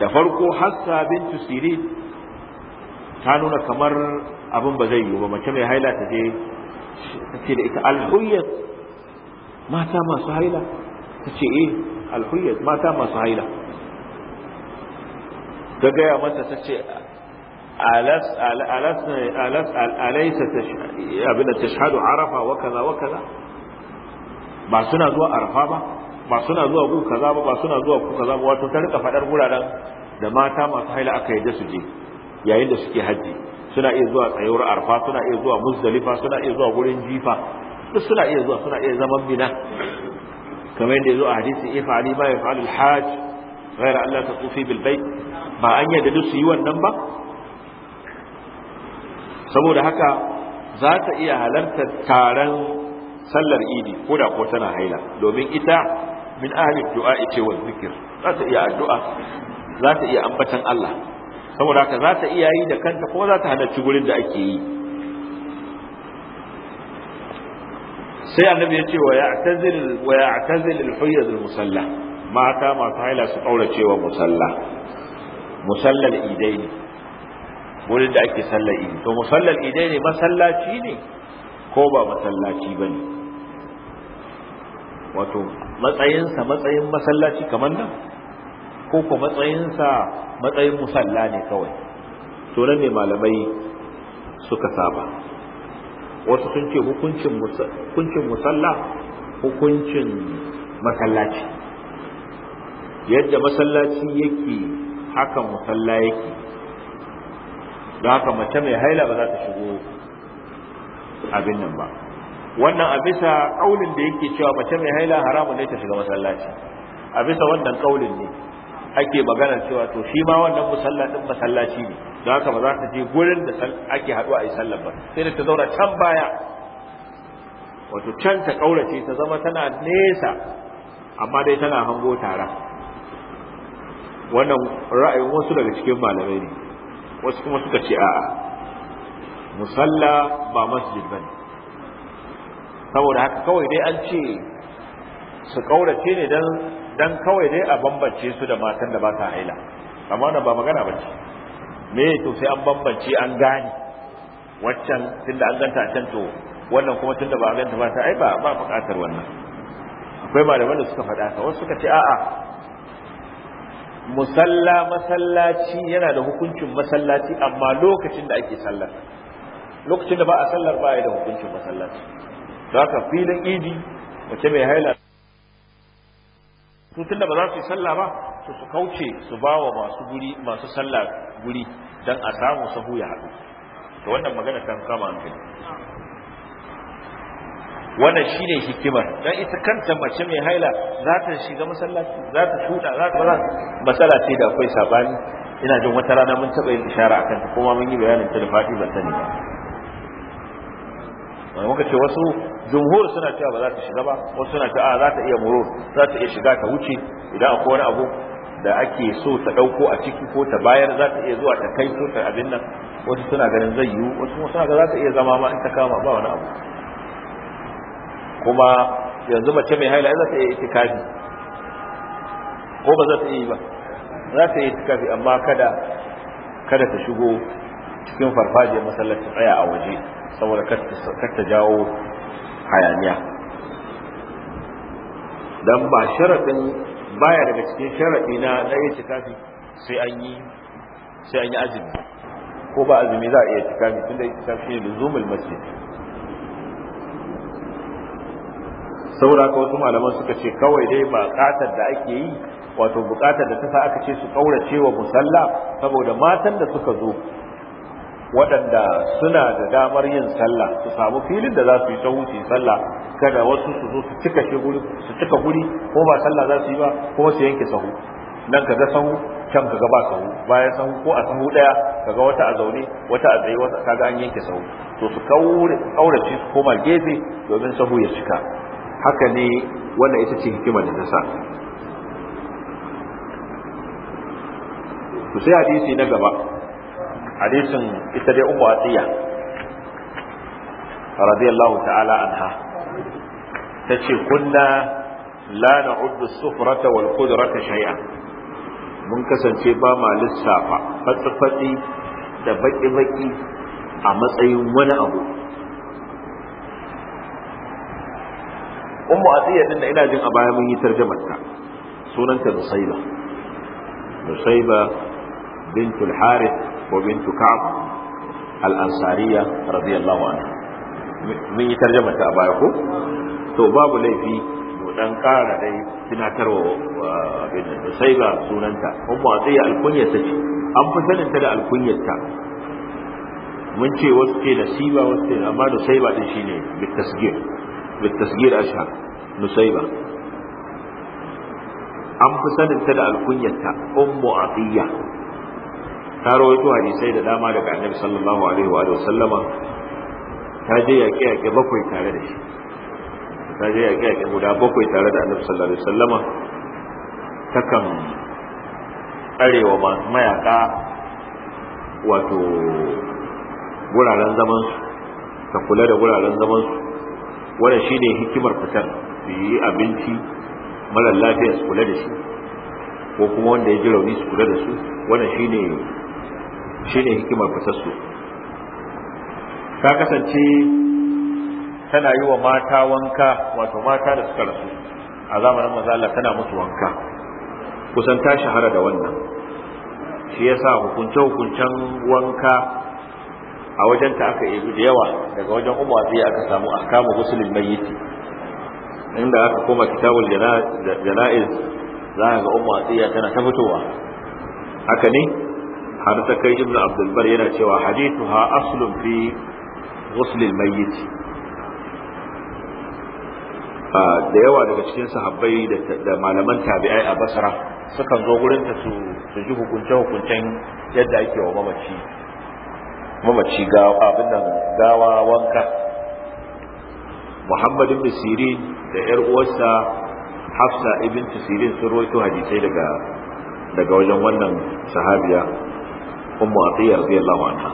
da farko hassa bintu sirin ta nuna kamar abin ba zai yiwu ba mace mai haila ta je ta ce da ita alhuyyat mata masu haila ta ce eh alhuyyat mata masu haila ta gaya masa ta ce alaisa abin da tashhadu arafa wa kaza wa kaza ba suna zuwa arafa ba ba suna zuwa gu kaza ba ba suna zuwa ku kaza ba wato ta rika fadar guraren da mata masu haila aka yadda su je yayin da suke haji suna iya zuwa tsayuwar arfa suna iya zuwa muzdalifa suna iya zuwa gurin jifa duk suna iya zuwa suna iya zaman bina kamar yadda ya zo a hadisi ifa'ali ma yafa'alul hajj ghayra an la tatufi bil bayt ba an yadda duk su yi wannan ba saboda haka za ta iya halarta taron sallar idi ko da ko tana haila domin ita min ahli du'a ce wa zikir za ta iya addu'a za ta iya ambatan Allah saboda haka za ta iya yi da kanta ko za ta halarci gurin da ake yi sai annabi ya ce wa ya'tazil wa ya'tazil al-hayyaz al-musalla mata masu haila su kaurace cewa musalla musallal idaini wurin da ake sallar idi to musallar idai ne masallaci ne ko ba masallaci ba ne wato matsayinsa matsayin masallaci kamar nan ko ko matsayinsa matsayin musalla ne kawai to nan ne malamai suka saba wasu sun ce hukuncin musalla hukuncin masallaci yadda masallaci yake haka musalla yake don haka mace mai haila ba za ta shigo abin nan ba wannan a bisa kaulin da yake cewa mace mai haila haramun ne ta shiga masallaci a bisa wannan kaulin ne ake magana cewa to shi ma wannan musalla masallaci ne don haka ba za ta je gurin da ake haɗuwa a yi sallar ba sai da ta zauna can baya wato can ta kaurace ta zama tana nesa amma dai tana hango tara wannan ra'ayin wasu daga cikin malamai ne wasu kuma suka ce a'a musalla ba masjid ne. saboda haka kawai dai an ce su kaurace ne dan kawai dai a bambance su da matan da ba ta haila amma ba magana ba ce. me to sai an bambance an gane waccan tunda an ganta a can to wannan kuma tunda ba a ganta ba ta ai ba ba bukatar wannan akwai malaman da suka faɗa ka wasu suka ce a'a musalla masallaci yana da hukuncin masallaci amma lokacin da ake sallar lokacin da ba a sallar ba ya da hukuncin masallaci don haka filin idi mace mai haila tutun da ba za su yi sallah ba su su kauce su ba wa masu guri masu sallah guri don a samu sahu ya haɗu da wannan magana ta kama hankali wannan shine hikimar dan ita kanta mace mai haila za ta shiga masallaci za ta shuda za ta ba masallaci ce da akwai sabani ina jin wata rana mun taba yin ishara akan ta kuma mun yi bayanin ta da fadi ban sani ba wani muka ce wasu jumhur suna cewa ba za ta shiga ba wasu suna cewa za ta iya murur za ta iya shiga ta wuce idan akwai wani abu da ake so ta ɗauko a ciki ko ta bayar za ta iya zuwa ta kai so ta abin nan wasu suna ganin zai yiwu wasu suna ga za ta iya zama ma in ta kama ba wani abu kuma yanzu mace mai haila za ta iya itikafi ko ba za ta yi ba za ta yi itikafi amma kada kada ta shigo cikin farfaje masallaci tsaya a waje saboda kar ta jawo hayaniya dan ba sharadin baya daga cikin sharadi na na itikafi sai an yi sai an yi azumi ko ba azumi za a iya itikafi tunda itikafi ne luzumul masjid saboda haka wasu malaman suka ce kawai dai buƙatar da ake yi wato bukatar da ta aka ce su kaurace wa musalla saboda matan da suka zo waɗanda suna da damar yin sallah su samu filin da za su yi sahu su yi sallah kada wasu su zo su cika shi guri su cika guri ko ba sallah za su yi ba ko su yanke sahu nan kaga sahu can kaga ba sahu bayan sahu ko a sahu daya kaga wata a zaune wata a tsaye wata kaga an yanke sahu to su kaurace su koma gefe domin sahu ya cika haka ne wannan ita ce hikima da ta sa to sai hadisi na gaba hadisin ita dai ummu atiya radiyallahu ta'ala anha tace kunna la na'uddu sufrata wal qudrata shay'an mun kasance ba ma lissafa fatsi da baki-baki a matsayin wani abu ummu atiyya din da ina jin a baya mun yi tarjumar ta sunanta nusayba nusayba bintul harith ko bintu ka'ab al-ansariya radiyallahu anha mun yi tarjumar ta a baya ko to babu laifi mu dan kara dai tunatarwa abin da nusayba sunanta ummu atiyya alkunya ta ce an fi saninta da alkunyarta mun ce wasu ce nasiba wasu ce amma nusayba din shine bitasgir بالتسجيل أشهر نسيبة أم فسن تدع الكنية أم عطية ta rawaito hadisai da dama daga annabi sallallahu alaihi wa sallama ta je yaƙe yaƙe bakwai tare da shi ta je yaƙe yaƙe guda bakwai tare da annabi sallallahu alaihi wa arewa masu wato wuraren zaman su ta kula da wuraren zaman su wannan shine hikimar fitar su yi abinci mara lafiya su kula da shi ko kuma wanda ya ji rauni su kula da su wannan shine ne hikimar fitar su ta kasance tana yi wa mata wanka wato mata da suka rasu a zamanin mazala tana musu wanka kusan ta shahara da wannan shi yasa hukunce-hukuncen wanka a wajenta aka ebi da yawa daga wajen umu a aka samu kama musulun mayyiti inda aka koma kitabul jana'iz za a ga umu a tana ta fitowa haka ne har ta kai ibnu abdulbar yana cewa ha aslun fi musulun mayyit da yawa daga cikin sahabbai da malaman tabi'ai a basara sukan zo gurin ta su ji hukunce hukuncen yadda ake wa mamaci mamaci abin nan gawa wanka muhammad ibn sirin da yar uwarsa hafsa ibn sirin sun rawaito hadisai daga daga wajen wannan sahabiya ummu atiyya radiyallahu anha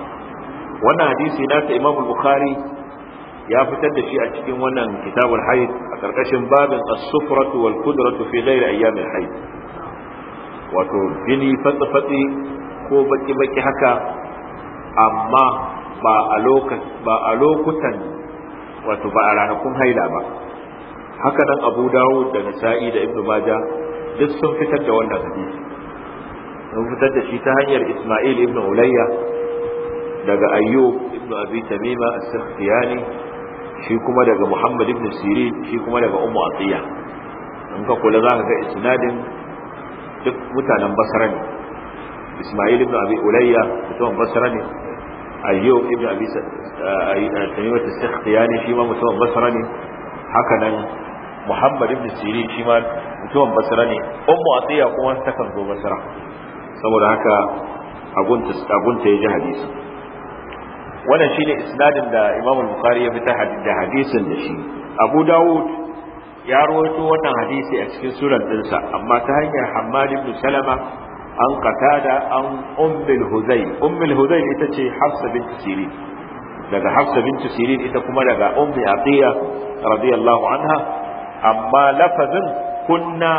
wannan hadisi ta imam bukhari ya fitar da shi a cikin wannan kitabul haid a karkashin babin as-sufratu wal qudratu fi ghairi ayyamil wato jini fatsi fatsi ko baki baki haka amma ba a lokutan wato ba a ranakun haila ba haka nan abu dawud da nasa'i da ibnu maja duk sun fitar da wannan hadisi sun fitar da shi ta hanyar isma'il ibnu ulayya daga ayyub ibnu abi tamima as-sakhtiyani shi kuma daga muhammad ibnu sirin shi kuma daga ummu atiya in ka kula za ka ga isnadin duk mutanen basra ne ismail ibn abi ulayya mutumin basra ne ayyub ibn abi tamimat as-sakhtiyani shi ma mutumin basra ne haka nan ibn sirin shi mutumin basra ne ummu atiya kuma takan saboda haka agunta agunta ya ji hadisi wannan shine isnadin da imamu bukhari ya fitar da hadisin da shi abu dawud ya rawaito wannan hadisi a cikin suran dinsa amma ta hanyar Hammad ibn Salama an qatada an ummul huzayl ummul huzayl ita ce hafsa bint sirin daga hafsa bint sirin ita kuma daga ummi aqiya radiyallahu anha amma lafazin kunna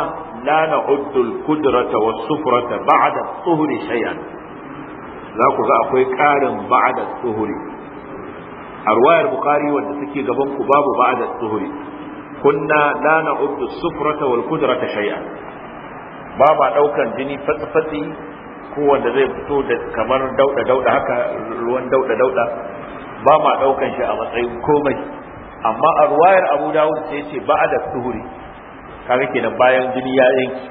la na'uddu al-qudrata was-sufrata ba'da tuhuri shay'an za ku ga akwai ƙarin ba'da tuhuri a ruwayar bukhari wanda suke gaban ku babu ba'da tuhuri kunna la na'uddu as-sufrata wal-qudrata shay'an ba ba ɗaukan jini fatsi-fatsi ko wanda zai fito da kamar dauda-dauda haka ruwan dauda-dauda ba ma ɗaukan shi a matsayin komai amma a ruwayar abu dawud sai ce ba a da tuhuri kaga kenan bayan jini ya yanki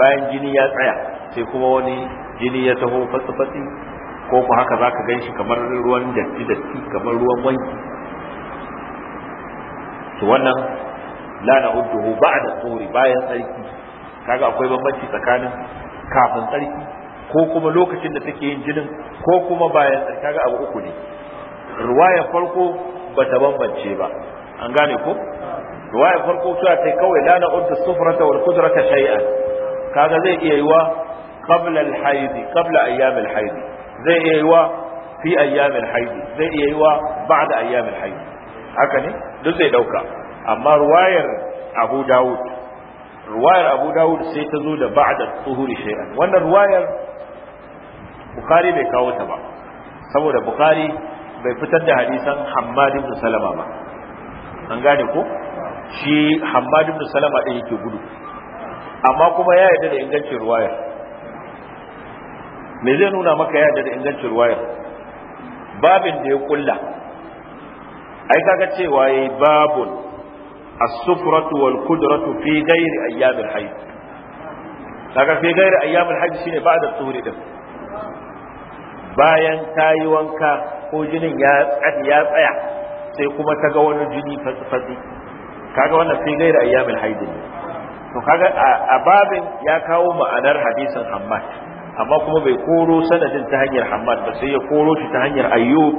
bayan jini ya tsaya sai kuma wani jini ya taho fatsi-fatsi ko ku haka zaka gan shi kamar ruwan datti-datti kamar ruwan wanki to wannan la na ba'da tuhuri bayan tsarki kaga akwai bambanci tsakanin kafin tsarki ko kuma lokacin da take yin jinin ko kuma bayan tsarki kaga abu uku ne ruwaya farko bata bambance ba an gane ko ruwaya farko cewa kai kawai la na udda sufrata wal qudrata shay'an kaga zai iya yiwa qabla al haid qabla ayyam al zai iya yiwa fi ayyam al zai iya yiwa ba'da ayyam al haid haka ne duk zai dauka amma ruwayar abu dawud ruwayar abu dawud sai ta zo da ba'da tsuhuri shay'an wannan ruwayar bukhari bai kawo ta ba saboda bukhari bai fitar da hadisan hammad ibn salama ba an gane ko shi hammad ibn salama din yake gudu amma kuma ya yarda da ingancin ruwayar me zai nuna maka ya yarda da ingancin ruwayar babin da ya kulla ai kaga cewa yayi babun السفرة والقدرة wal غير أيام ghairi لكن في غير أيام fi شيء بعد الطهور ده shine ba'da tuhuri bayan tayi wanka ko jinin ya ya tsaya sai kuma ta ga wani jini fatsi kaga wannan fi gairi ayyamin al ne to kaga a babin ya kawo ma'anar hadisin Hammad amma kuma bai koro sanadin ta hanyar Hammad ba sai ya koro shi ta hanyar Ayyub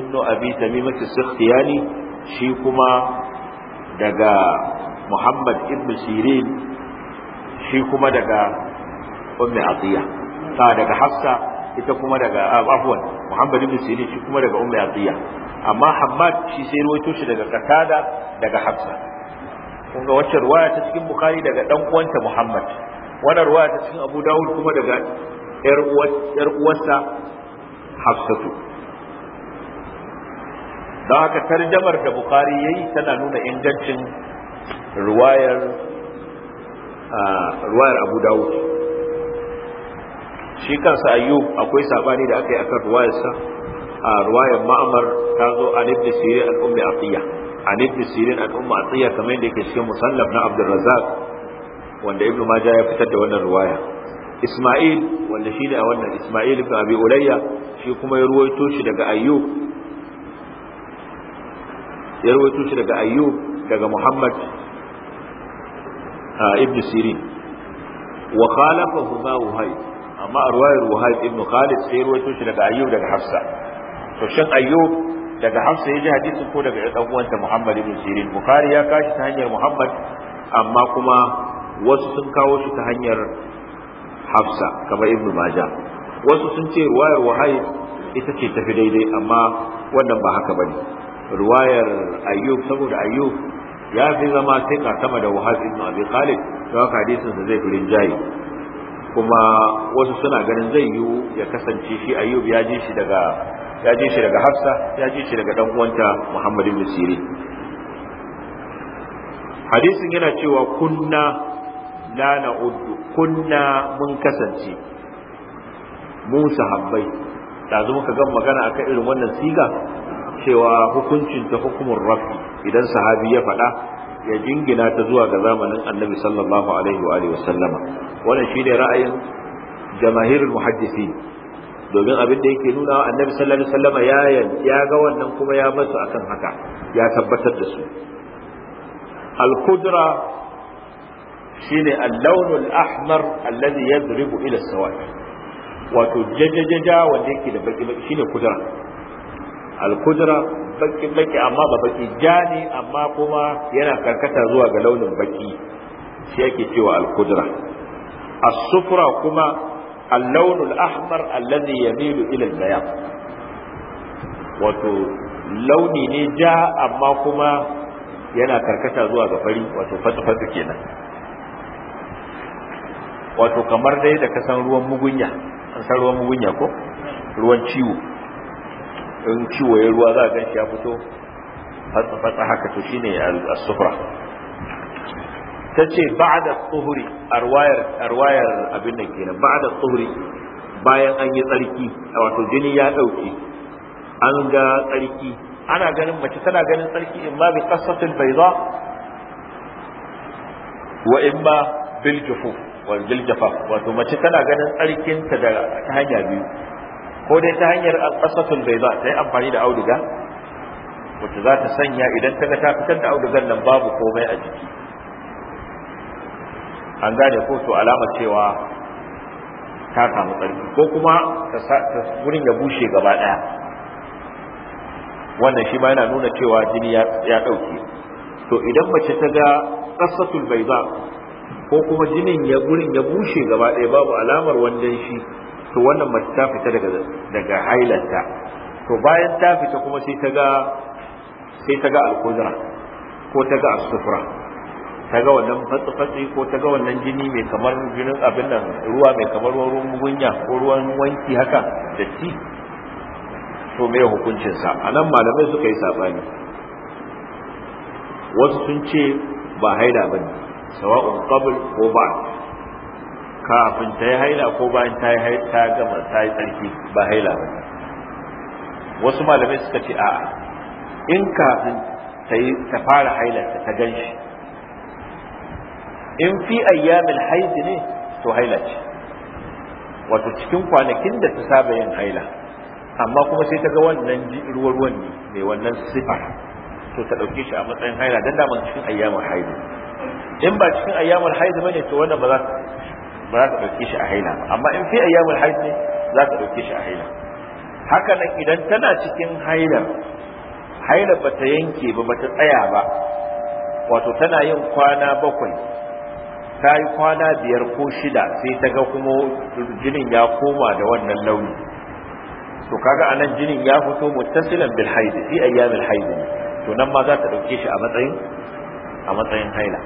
ibnu Abi Tamim as-Sakhtiyani shi kuma daga muhammad ibn sirin shi kuma daga ummi atiya ta daga hafsa ita kuma daga Abuwan ah, muhammad ibn sirin shi kuma daga ummi atiya amma hammad shi sai ruwaito shi daga qatada daga hafsa kun ga wacce ruwaya ta cikin bukhari daga dan uwanta muhammad wannan ruwaya ta cikin abu dawud kuma daga yar uwarsa hafsatu don haka tarjamar da bukari ya yi tana nuna ingancin ruwayar ruwayar abu dawud shi kansa ayyub akwai sabani da aka yi akan ruwayarsa a ruwayar ma'amar ta zo an ibn sirin an ummi atiya an ibn sirin an ummi atiya kamar yadda yake cikin musannaf na abdurrazzaq wanda ibnu majah ya fitar da wannan ruwaya isma'il wanda ne a wannan isma'il ibn abi ulayya shi kuma ya ruwaito shi daga ayyub ya rawaito shi daga ayyub daga muhammad a ah, ibn sirin wa khalafa huma wahid amma arwayar wahid ibn khalid sai rawaito shi daga ayyub daga hafsa to shin ayyub daga hafsa ya ji hadisin ko daga ɗan uwanta muhammad ibn sirin bukhari ya kashi ta hanyar muhammad amma kuma wasu sun kawo shi ta hanyar hafsa kamar ibn majah wasu sun ce ruwayar wahid ita ce tafi daidai amma wannan ba haka bane ruwayar ayyub saboda ayyub ya fi zama sai ka sama da wahab ibn abi khalid to haka hadisin sa zai fi rinjaye kuma wasu suna ganin zai yiwu ya kasance shi ayyub ya ji shi daga ya ji shi daga hafsa ya ji shi daga dan uwanta muhammad ibn sirin hadisin yana cewa kunna la na'uddu kunna mun kasance mu sahabbai dazu muka ga magana akan irin wannan siga cewa hukuncin ta hukumar rafi idan sahabi ya faɗa ya jingina ta zuwa ga zamanin annabi sallallahu alaihi wa alihi wasallama wannan shine ra'ayin jamahirul muhaddisi domin abin da yake nuna wa annabi sallallahu alaihi wasallama ya ya ga wannan kuma ya masu akan haka ya tabbatar da su al-qudra shine al-lawn al-ahmar alladhi yadribu ila as-sawa wato jajajaja wanda yake da baki baki shine kudra. al-kudra baki baki amma ba baki ja ne amma kuma yana karkata zuwa ga launin baki shi yake cewa al Asufura as-sufra kuma al-lawn al-ahmar alladhi yamilu ila al-bayan wato launi ne ja amma kuma yana karkata zuwa ga fari wato fatu-fatu kenan wato kamar dai da kasan ruwan mugunya an san ruwan mugunya ko ruwan ciwo in ciwo ya ruwa za a gan shi ya fito fatsa haka to shine as-sufra tace ba'da tsuhuri arwayar arwayar abin nan kenan ba'da tsuhuri bayan an yi tsarki wato jini ya dauke an ga tsarki ana ganin mace tana ganin tsarki in ma bi qasatin bayda wa in ma bil jufuf wal wato mace tana ganin tsarkinta da ta hanya biyu ko dai ta hanyar alƙasatul bai ba ta yi amfani da auduga wacce za ta sanya idan ta ga ta fitar da audugan nan babu komai a jiki an gane ko to alama cewa ta samu tsarki ko kuma ta wurin ya bushe gaba ɗaya wannan shi ma yana nuna cewa jini ya ɗauke to idan mace ta ga ƙasatul bai ko kuma jinin ya gurin ya bushe gaba ɗaya babu alamar wannan shi to wannan mace ta fita daga daga hailanta to bayan ta fita kuma sai ta ga sai ta ga alkuzra ko ta ga asufra ta ga wannan fatsi-fatsi ko ta ga wannan jini mai kamar jinin abin nan ruwa mai kamar ruwan gunya ko ruwan wanki haka da ci to mai hukuncin sa anan malamai suka yi sabani wasu sun ce ba haila bane sawa'un qabl ko ba'd kafin ta yi haila ko bayan ta yi ta gama ta yi tsarki ba haila ba wasu malamai suka ce a'a in kafin ta yi ta fara haila ta gan shi in fi ayyamin haidi ne to haila ce wato cikin kwanakin da ta saba yin haila amma kuma sai ta ga wannan ruwan ruwan ne mai wannan sifa to ta ɗauke shi a matsayin haila don daman cikin ayyamin haidi in ba cikin ayyamin haidi ne to wannan ba za ba za ka ɗauke shi a haila ba amma in fi ayyamul haid ne za ka ɗauke shi a haila haka nan idan tana cikin haila hailar ba ta yanke ba ba ta tsaya ba wato tana yin kwana bakwai ta yi kwana biyar ko shida sai ta ga kuma jinin ya koma da wannan launi to kaga anan jinin ya fito muttasilan bil haid fi ayyamil haid to nan ma za ta dauke shi a matsayin a matsayin haila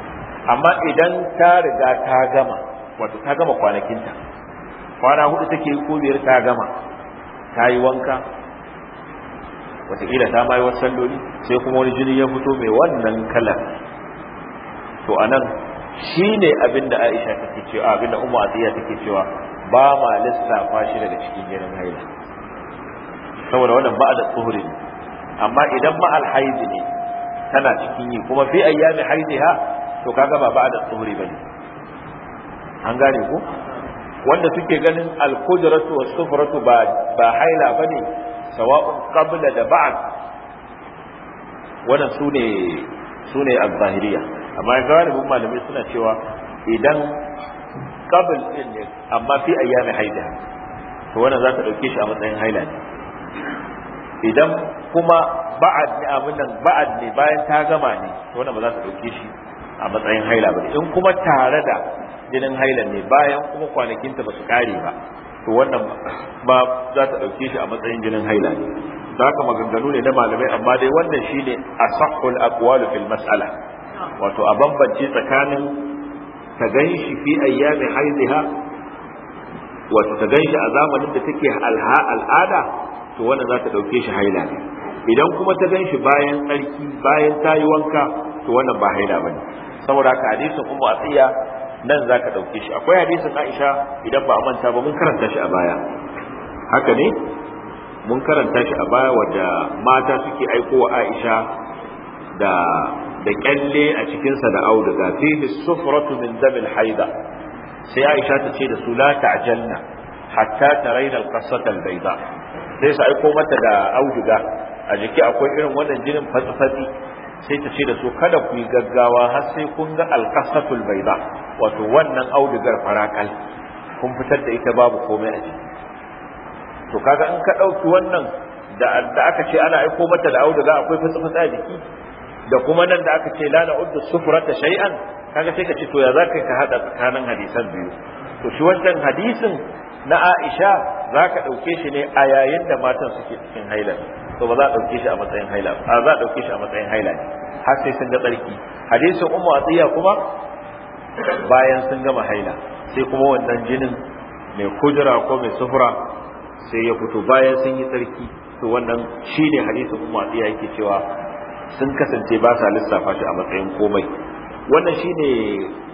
amma idan ta riga ta gama wato ta gama kwanakinta kwana hudu take ko biyar ta gama ta yi wanka wataƙila ta ma yi wasu salloli sai kuma wani jini ya fito mai wannan kalar to a nan shi ne abin da aisha take cewa abin da umar asiya take cewa ba ma lissafa shi daga cikin jinin haila saboda wannan ba da tsuhuri amma idan ma alhaidi ne tana cikin yi kuma fi ayyami ha, to kaga ba ba da tsuhuri ne. an gane ko wanda suke ganin al-qudratu was-sufratu ba ba haila bane sawa'un qabla da ba'd wannan sune sune al zahiriyya amma galibin malamai suna cewa idan qabl din ne amma fi ayyami haida to wannan za ta dauke shi a matsayin haila ne idan kuma ba'ad ne abin nan ba'ad ne bayan ta gama ne to wannan ba za ta dauke shi a matsayin haila ba in kuma tare da jinin hailan ne bayan kuma kwanakinta ba su kare ba to wannan ba za ta ɗauke shi a matsayin jinin haila ne za ka maganganu ne na malamai amma dai wannan shi ne a sahul aqwalu fil mas'ala wato a bambance tsakanin ta ganshi fi ayyami haidiha wato ta ganshi a zamanin da take alha al'ada to wannan za ta ɗauke shi haila ne idan kuma ta ganshi bayan tsarki bayan ta yi wanka to wannan ba haila ba saboda haka hadisin ummu atiya nan za ka ɗauke shi akwai hadisin aisha idan ba a manta ba mun karanta shi a baya haka ne mun karanta shi a baya wadda mata suke aiko wa aisha da da kyalle a cikinsa da auduga fihi sufratu min damil haida sai aisha ta ce da su la ta'jalna hatta taraina al-qassata al-bayda sai su aiko mata da auduga a jiki akwai irin wannan jinin fatsi sai ta ce da su kada ku yi gaggawa har sai kun ga alkasatul baiza wato wannan audugar farakal kun fitar da ita babu komai a ciki to kaga in ka ɗauki wannan da aka ce ana aiko mata da auduga akwai fatsa fasa a jiki da kuma nan da aka ce la na'uddu sufrata shay'an kaga sai ka ce to ya zaka ka hada tsakanin hadisan biyu to shi wannan hadisin na Aisha zaka ɗauke shi ne a yayin da matan suke cikin hailan to ba za a dauke shi a matsayin haila ba za a dauke shi a matsayin haila ne har sai sun ga tsarki hadisin ummu atiya kuma bayan sun gama haila sai kuma wannan jinin mai kujira ko mai sufura sai ya fito bayan sun yi tsarki to wannan shine hadisin ummu atiya yake cewa sun kasance ba sa lissafa shi a matsayin komai wannan shine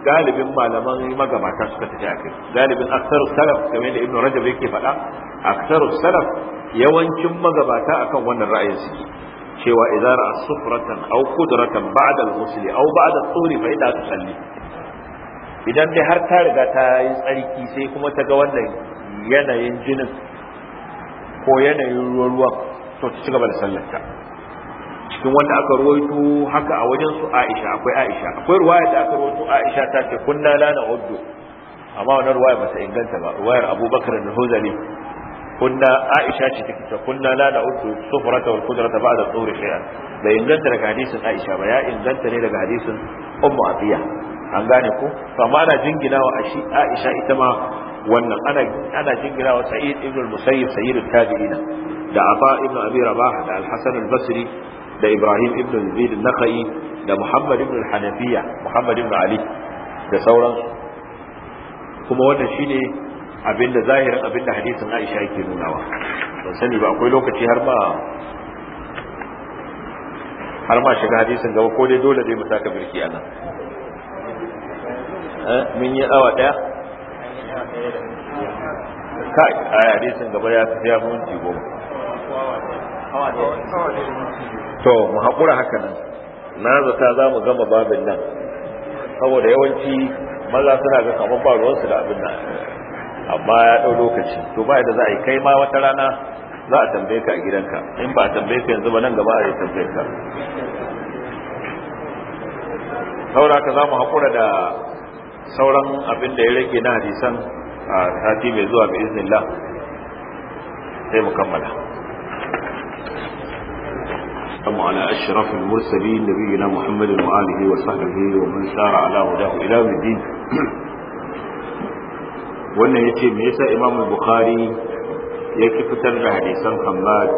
galibin malaman magabata suka tafi a kai galibin aksaru salaf game da ibnu rajab yake faɗa aksaru salaf yawancin magabata akan wannan ra'ayin su cewa idan ra'a sufratan aw qudratan ba'da al-ghusl aw ba'da al-tuhri fa idza tusalli idan dai har ta riga ta yi tsarki sai kuma ta ga wannan yanayin jinin ko yanayin ruwa to ta ci gaba da sallarta cikin wanda aka ruwaito haka a wajen su Aisha akwai Aisha akwai ruwaya da aka ruwaito Aisha ta ce kunna lana na'uddu amma wannan ruwaya ba ta inganta ba ruwayar Abubakar da Huzali kunna Aisha ce take ta kunna la na'uddu sufrata wal qudrata ba'da tsuri shay'an bai inganta daga hadisin Aisha ba ya inganta ne daga hadisin Ummu Abiya an gane ko to amma ana jinginawa Aisha ita ma wannan ana ana jinginawa Sa'id ibn al-Musayyib sayyidut tabi'ina da Aba ibn Abi Rabah da Al-Hasan al-Basri da Ibrahim ibn Zaid nakhai da Muhammad ibn hanafiya Muhammad ibn Ali da sauransu kuma wannan shine abinda zahirin abinda hadisin Aisha yake nunawa ban sani ba akwai lokaci har ma har ma shiga hadisin gaba ko dai dole dai mu saka birki nan. Eh, mun yi awa daya kai a hadisin gaba ya fi ya minti goma to mu haƙura haka nan na zata za mu gama babin nan saboda yawanci maza suna ga kamar ba ruwansu da abin nan amma ya ɗau lokaci to ba da za a yi kai ma wata rana za a tambaye ka a gidanka in ba a tambaye ka yanzu ba nan gaba a yi tambaye ka saboda haka za mu haƙura da sauran abin da ya rage na hadisan a sati mai zuwa bi iznillah sai mu kammala والسلام على أشرف المرسلين نبينا محمد وآله وصحبه ومن سار على هداه إلى الدين wannan ya ce me yasa imam bukhari ya fitar da hadisan Hamad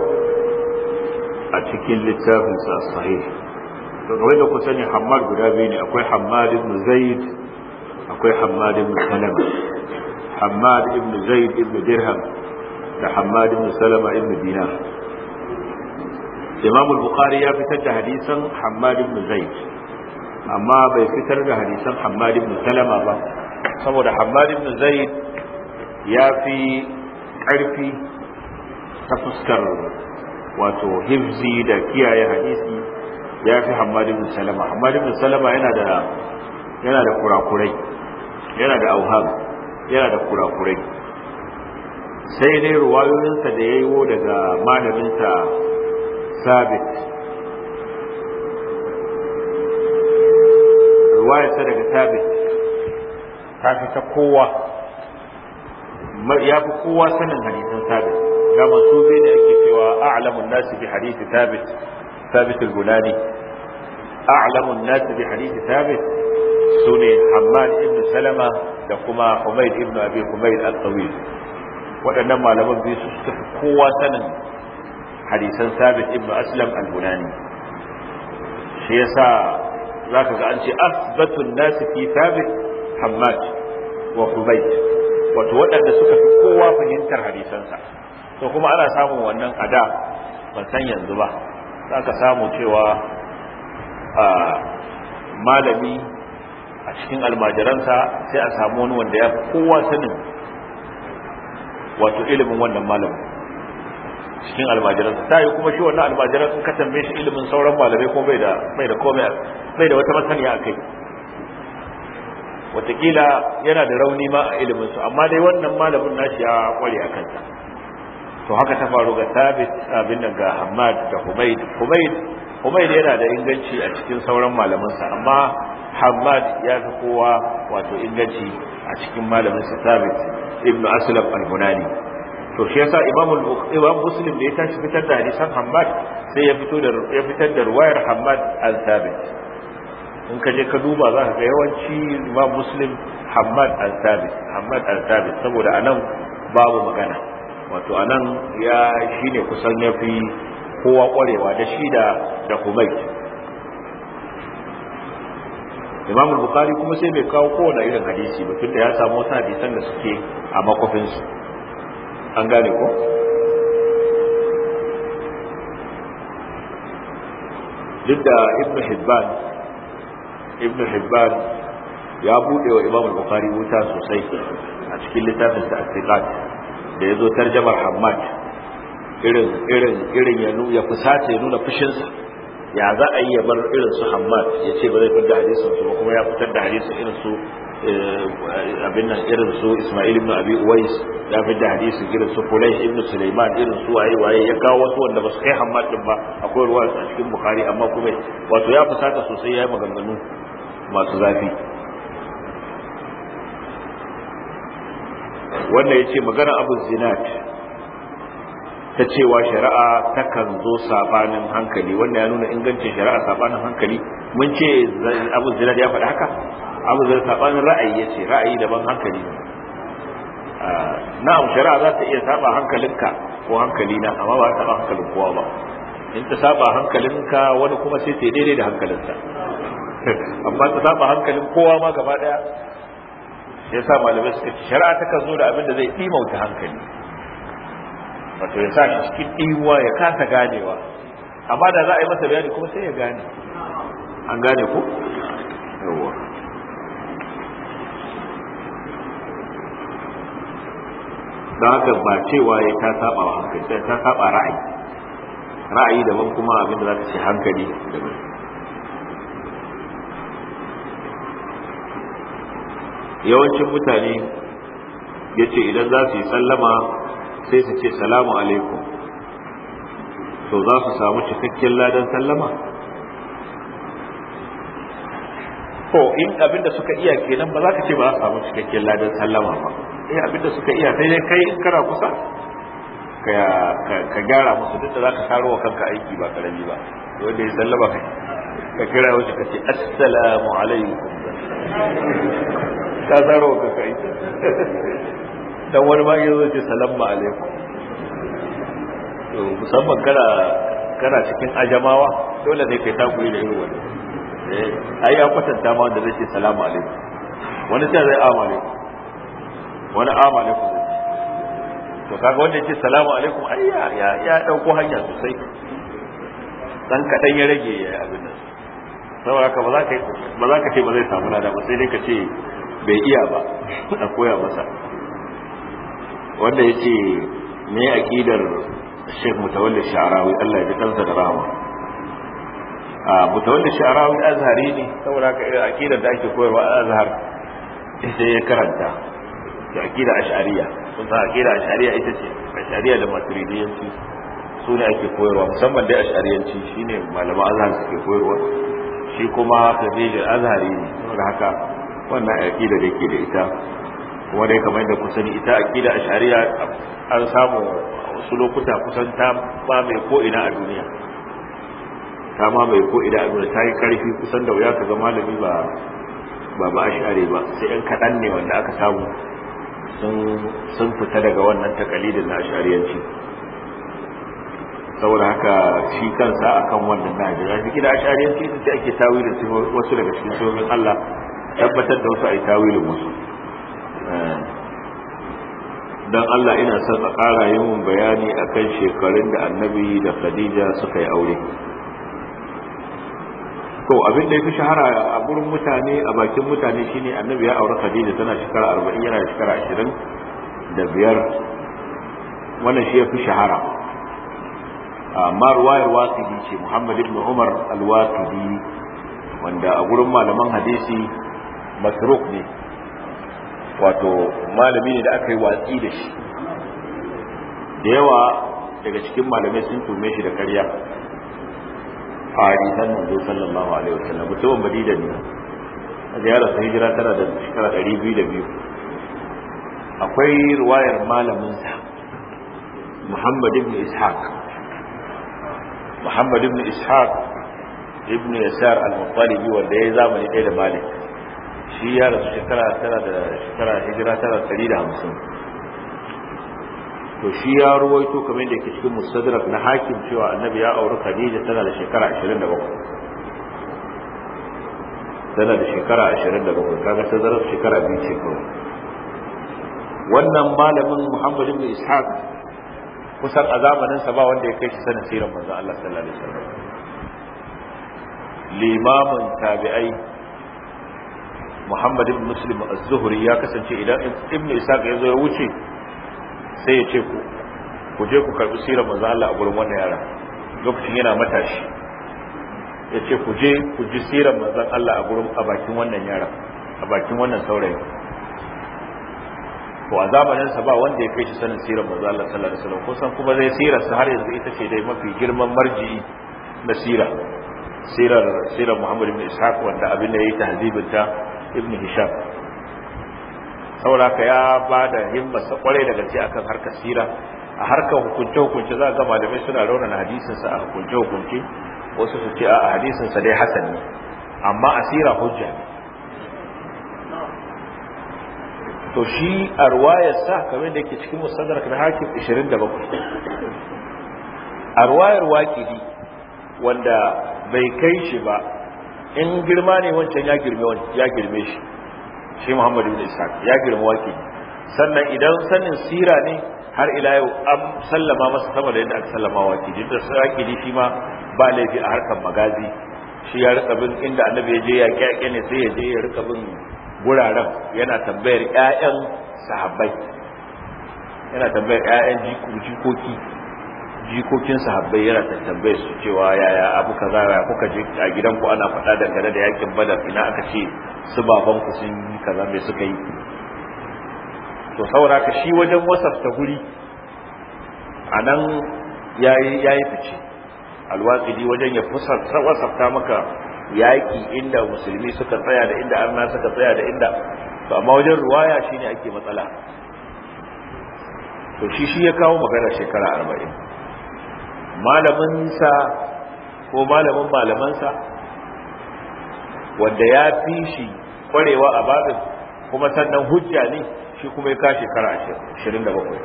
a cikin littafin sa sahih to ga wanda ku sani Hamad guda biyu ne akwai hammad ibn zaid akwai hammad ibn salama ibn zaid ibn dirham da hammad ibn salama ibn dinar imam al-bukhari ya fitar da hadisan hammad ibn zaid amma bai fitar da hadisan hammad ibn salama ba saboda hammad ibn zaid ya fi ƙarfi ta fuskar wato hifzi da kiyaye hadisi ya fi hammad ibn salama hammad ibn salama yana da yana da kurakurai yana da auham yana da kurakurai sai dai ruwayoyinsa da ya yiwo daga malaminsa sabit ruwayarsa daga sabit ta fi ta kowa ya fi kowa sanin hadisan sabit ga masu zai da ake cewa a'lamun nasi bi hadisi sabit sabit al-gulani a'lamun nasi bi hadisi sabit sune Hamad ibn Salama da kuma Humayd ibn al waɗannan malaman biyu su suka kowa hadisan sabit ibn aslam al-bunani shi yasa zaka ga an ce asbatun nas fi sabit hammad wa hubayb wato waɗanda suka fi kowa fahimtar hadisansa to kuma ana samun wannan ada ban san yanzu ba zaka samu cewa malami a cikin almajiransa sai a samu wani wanda ya kowa sanin wato ilimin wannan malamin cikin almajiran ta yi kuma shi wannan almajiran sun ka tambaye shi ilimin sauran malamai ko bai da mai da komai mai da wata masaniya akai watakila yana da rauni ma a ilimin su amma dai wannan malamin nashi ya kware a kansa to haka ta faru ga sabit abin nan ga Hamad da Humayd Humayd humaid yana da inganci a cikin sauran malamansa amma Hamad ya fi kowa wato inganci a cikin malamin sa sabit ibn Aslam al-Bunani to shi yasa al imam muslim ne ya tashi fitar da hadisan hammad sai ya fito da ya fitar da ruwayar hammad al thabit in ka je ka duba za ka ga yawanci imam muslim hammad al thabit hammad al thabit saboda anan babu magana wato anan ya shine kusan yafi kowa kwarewa da shi da da humayt imam bukhari kuma sai bai kawo kowane irin hadisi ba tunda ya samu wata hadisan da suke a makofinsu an gane ko duk da ibn hibban ibn hibban ya bude wa imam bukhari wuta sosai a cikin littafin sa at da yazo tarjamar hammad irin irin irin ya nuna fusace fusata ya nuna fushinsa ya za a yi ya bar irin su hammad ya ce ba zai fitar da hadisin su ba kuma ya fitar da hadisin irin su Eh, abin nan irin su Ismail ibn Abi Uwais ya fi da hadisi irin su Fulayh ibn Sulaiman irin su waye waye ya kawo wasu wanda ba su kai Hammad din ba akwai ruwa a cikin Bukhari amma kuma wato ya fusata sosai ya yi maganganu masu zafi wannan ya ce magana abu zinat ta cewa shari'a takan zo sabanin hankali wannan ya nuna ingancin shari'a sabanin hankali mun ce abu zinat ya faɗi haka abu zai sabanin ra'ayi yace ra'ayi daban hankali ne ah, na'am shari'a za ta iya saba hankalinka ko hankali na amma ba ta hankalin kowa ba in ta saba hankalinka wani kuma sai ta daidai da hankalinsa amma ta saba hankalin kowa ma gaba daya ya sa malamai suka ce shari'a ta kan zo da abin da zai ɗimauta hankali wato ya sa shi cikin ɗiwa ya kasa ganewa amma da za a yi masa bayani kuma sai ya gane an gane ku yawwa da haka ba cewa ya ta saba wa hankali sai ta saba ra'ayi ra'ayi daban kuma abin da za ta ce hankali daban yawancin mutane ya ce idan za su yi sallama sai su ce salamu alaikum to za su samu cikakken ladan sallama to in abinda suka iya kenan ba za ka ce ba za samu cikakken ladan sallama ba eh abinda suka iya sai dai kai in kana kusa ka gyara musu duk da za ka taro wa kanka aiki ba karami ba wanda ya sallama kai ka kira wasu ka ce assalamu alaikum ka taro wa kanka aiki dan wani ma yanzu ce salamu alaikum to musamman kana kana cikin ajamawa dole ne kai takuri da irin wani Eh, ai ya kwatanta ma wanda zai ce salamu alaikum wani sai zai amma ne wani amma ne. ku to kaga wanda yake salamu alaikum ai ya ya ya dauko hanya sosai dan kadan ya rage ya abin nan saboda haka ba za ka ba za ka ce ba zai samu lada ba sai dai ka ce bai iya ba a koya masa wanda ya ce me aqidar Sheikh Mutawalli Sha'rawi Allah ya ji kansa da rahama wanda sha'arawi azhari ne saboda haka irin akidar da ake koyarwa a azhar ita ya karanta da akidar ash'ariya sun san akidar ash'ariya ita ce ash'ariya da maturidiyanci su ne ake koyarwa musamman dai ash'ariyanci shine malaman azhar suke koyarwa shi kuma da azhari ne saboda haka wannan akidar da yake da ita kuma dai kamar da kusan ita akida ash'ariya an samu wasu lokuta kusan ta ba mai ko ina a duniya ta mai ko ida abin ta yi karfi kusan da wuya ka ga malami ba ba ba ashare ba sai yan kaɗan ne wanda aka samu sun fita daga wannan takalidin na ashariyanci saboda haka shi kansa akan wannan najira shi da ashariyanci ce ake tawilin wasu daga cikin sojin Allah tabbatar da wasu a yi tawilin wasu dan Allah ina son a ƙara yin bayani akan shekarun da annabi da Khadija suka yi aure to abin da ya fi shahara a gurin mutane a bakin mutane shine annabi ya aure khadija tana shekara arba'in yana shekara ashirin da biyar wannan shi ya fi shahara amma ruwayar wasidi ce muhammad ibn umar al-wasidi wanda a gurin malaman hadisi masruk ne wato malami ne da aka yi watsi da shi da yawa daga cikin malamai sun tume shi da karya fari hadisan manzo sallallahu alaihi wasallam mutumin madina ne a ziyarar sai hijira tana da shekara 202 akwai riwayar malamin sa Muhammad ibn Ishaq Muhammad ibn Ishaq ibn Yasar al-Muttalibi wanda ya zamani ɗaya da Malik shi ya rasu shekara tana da shekara hijira tana 150 to shi ya ruwaito kamar da yake cikin mustadrak na hakim cewa annabi ya auri khadija tana da shekara 27 tana da shekara 27 kaga ta zarar shekara biyu ce kawai wannan malamin muhammad ibn ishaq kusan a zamanin sa ba wanda ya kai shi sanin sirar manzo Allah sallallahu alaihi wasallam limamin tabi'ai Muhammad ibn Muslim az-Zuhri ya kasance idan Ibn Ishaq ya zo ya wuce sai ya ce ku ku je ku karbi sirar manzo Allah a gurin wannan yaran. lokacin yana matashi ya ce ku je ku ji sirar manzo Allah a gurin a bakin wannan yaran, a bakin wannan saurayi to a zamanin sa ba wanda ya kai shi sanin sirar manzo Allah sallallahu alaihi wasallam kusan kuma zai sirar sa har yanzu ita ce dai mafi girman marji na sira sirar sirar Muhammad ibn Ishaq wanda abin da yayi tahzibin ta ibn Hisham saboda ka ya ba da himmarsa kwarai da gaske akan harkar sira a harkar hukunce hukunce za ga malamai suna raunana hadisinsa a hukunce hukunce wasu su ce a hadisinsa dai hasan ne amma asira hujja ne to shi a sa kamar da yake cikin musadar na hakim 27 a ruwayar waƙidi wanda bai kai shi ba in girma ne wancan ya girme shi shi Muhammad ibn Ishaq ya girma wake sannan idan sanin sira ne har ila yau an sallama masa sama da yadda aka sallama wake din da siraki ne shi ma ba laifi a harkar magazi shi ya rika bin inda annabi ya je ya kyakya ne sai ya je ya rika bin guraren yana tambayar ƴaƴan sahabbai yana tambayar ƴaƴan jikoki jikokin sahabbai yana tambayar su cewa yaya abu kaza ya kuka je a gidanku ana faɗa dangane da yakin badar ina aka ce su babanku sun kaza mai suka yi to saura ka shi wajen wasafta guri a nan ya yi fice alwatsidi wajen ya fusarta wasafta maka yaƙi inda musulmi suka tsaya da inda arna suka tsaya da inda to amma wajen ruwaya shine ake matsala to shi shi ya kawo magana shekara arba'in malaminsa ko malamin malamansa wanda ya fi shi kwarewa a babin kuma sannan hujja ne shi kuma ya kashe kara bakwai.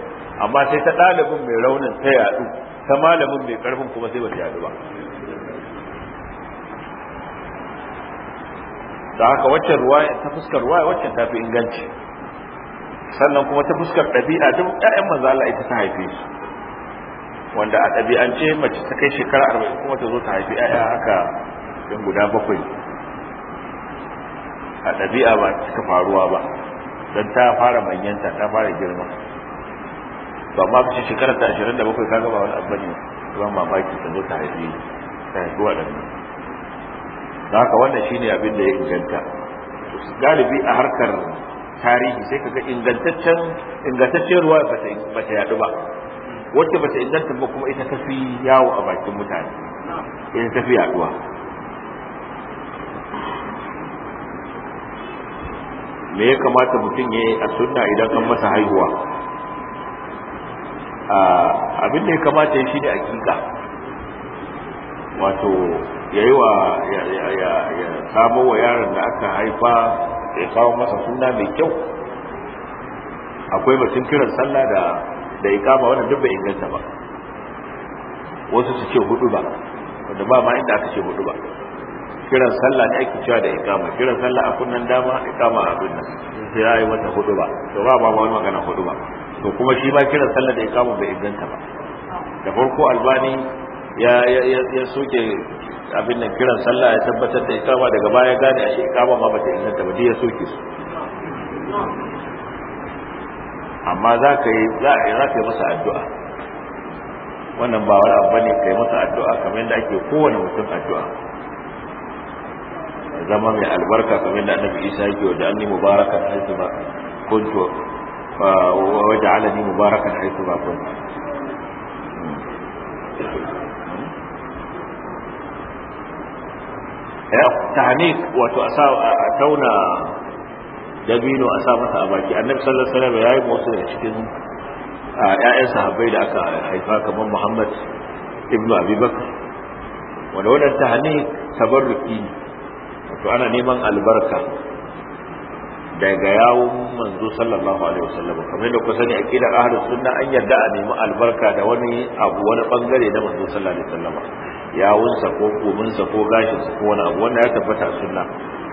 amma sai ta ɗalibin mai raunin ta yadu ta malamin mai ƙarfin kuma sai ba ta yadu ba da haka waccan ruwaya ta fuskar ruwaya waccan ta fi inganci sannan kuma ta fuskar ɗabi'a duk ƴaƴan manzo Allah ita ta haife su wanda a ɗabi'ance mace ta kai shekara arba'in kuma ta zo ta haifi ƴaƴa haka ɗan guda bakwai a ɗabi'a ba suka faruwa ba don ta fara manyanta ta fara girma to amma kace shekarar ta bakwai kaga ba wani abu ne ba mamaki ta zo ta haifi ta haifi waɗannan da haka wannan shi ne abin da ya inganta galibi a harkar tarihi sai kaga ingantaccen ingantaccen ruwa ba ta yaɗu ba wacce ba ta inganta ba kuma ita tafi yawo a bakin mutane ita tafi yaɗuwa me ya kamata mutum ya yi a sunna idan an masa haihuwa abin da ya kamata ya shi ne akika wato ya yi wa ya samo wa yaron da aka haifa ya kawo masa suna mai kyau akwai batun kiran sallah da da kama wannan duk bai inganta ba wasu su ce hudu ba wanda ba ma inda aka ce hudu ba kiran sallah ne ake cewa da ikama kiran sallah a kunnan dama ikama a abin nan sai ya yi mata hudu ba to ba ba wani magana hudu ba to kuma shi ba kiran sallah da ikama bai inganta ba da farko albani ya ya soke abin nan kiran sallah ya tabbatar da ikama daga baya gane a shi ikama ma bata inganta ba ya soke su amma za ka yi za a yi masa addu'a wannan ba wani abu ne kai masa addu'a kamar yadda ake kowane mutum addu'a zama mai albarka kamar da annabi isa yake wa ja'alni mubarakan haitu ba kuntu wa ja'alni mubarakan haitu ba kuntu ya tahnik wato a tauna dabino a sa masa a baki annabi sallallahu alaihi wasallam yayi motsi da cikin ƴaƴan sahabbai da aka haifa kamar Muhammad ibnu abubakar Bakr wanda wannan tahnik tabarruki ne To ana neman albarka daga yawon manzo sallallahu alaihi wasallam kamar da ku sani aqidar ahlus sunna an yarda a nemi albarka da wani abu wani bangare na manzo sallallahu alaihi wasallam yawun sa ko kumin sa ko gashin sa ko wani abu wanda ya tabbata a sunna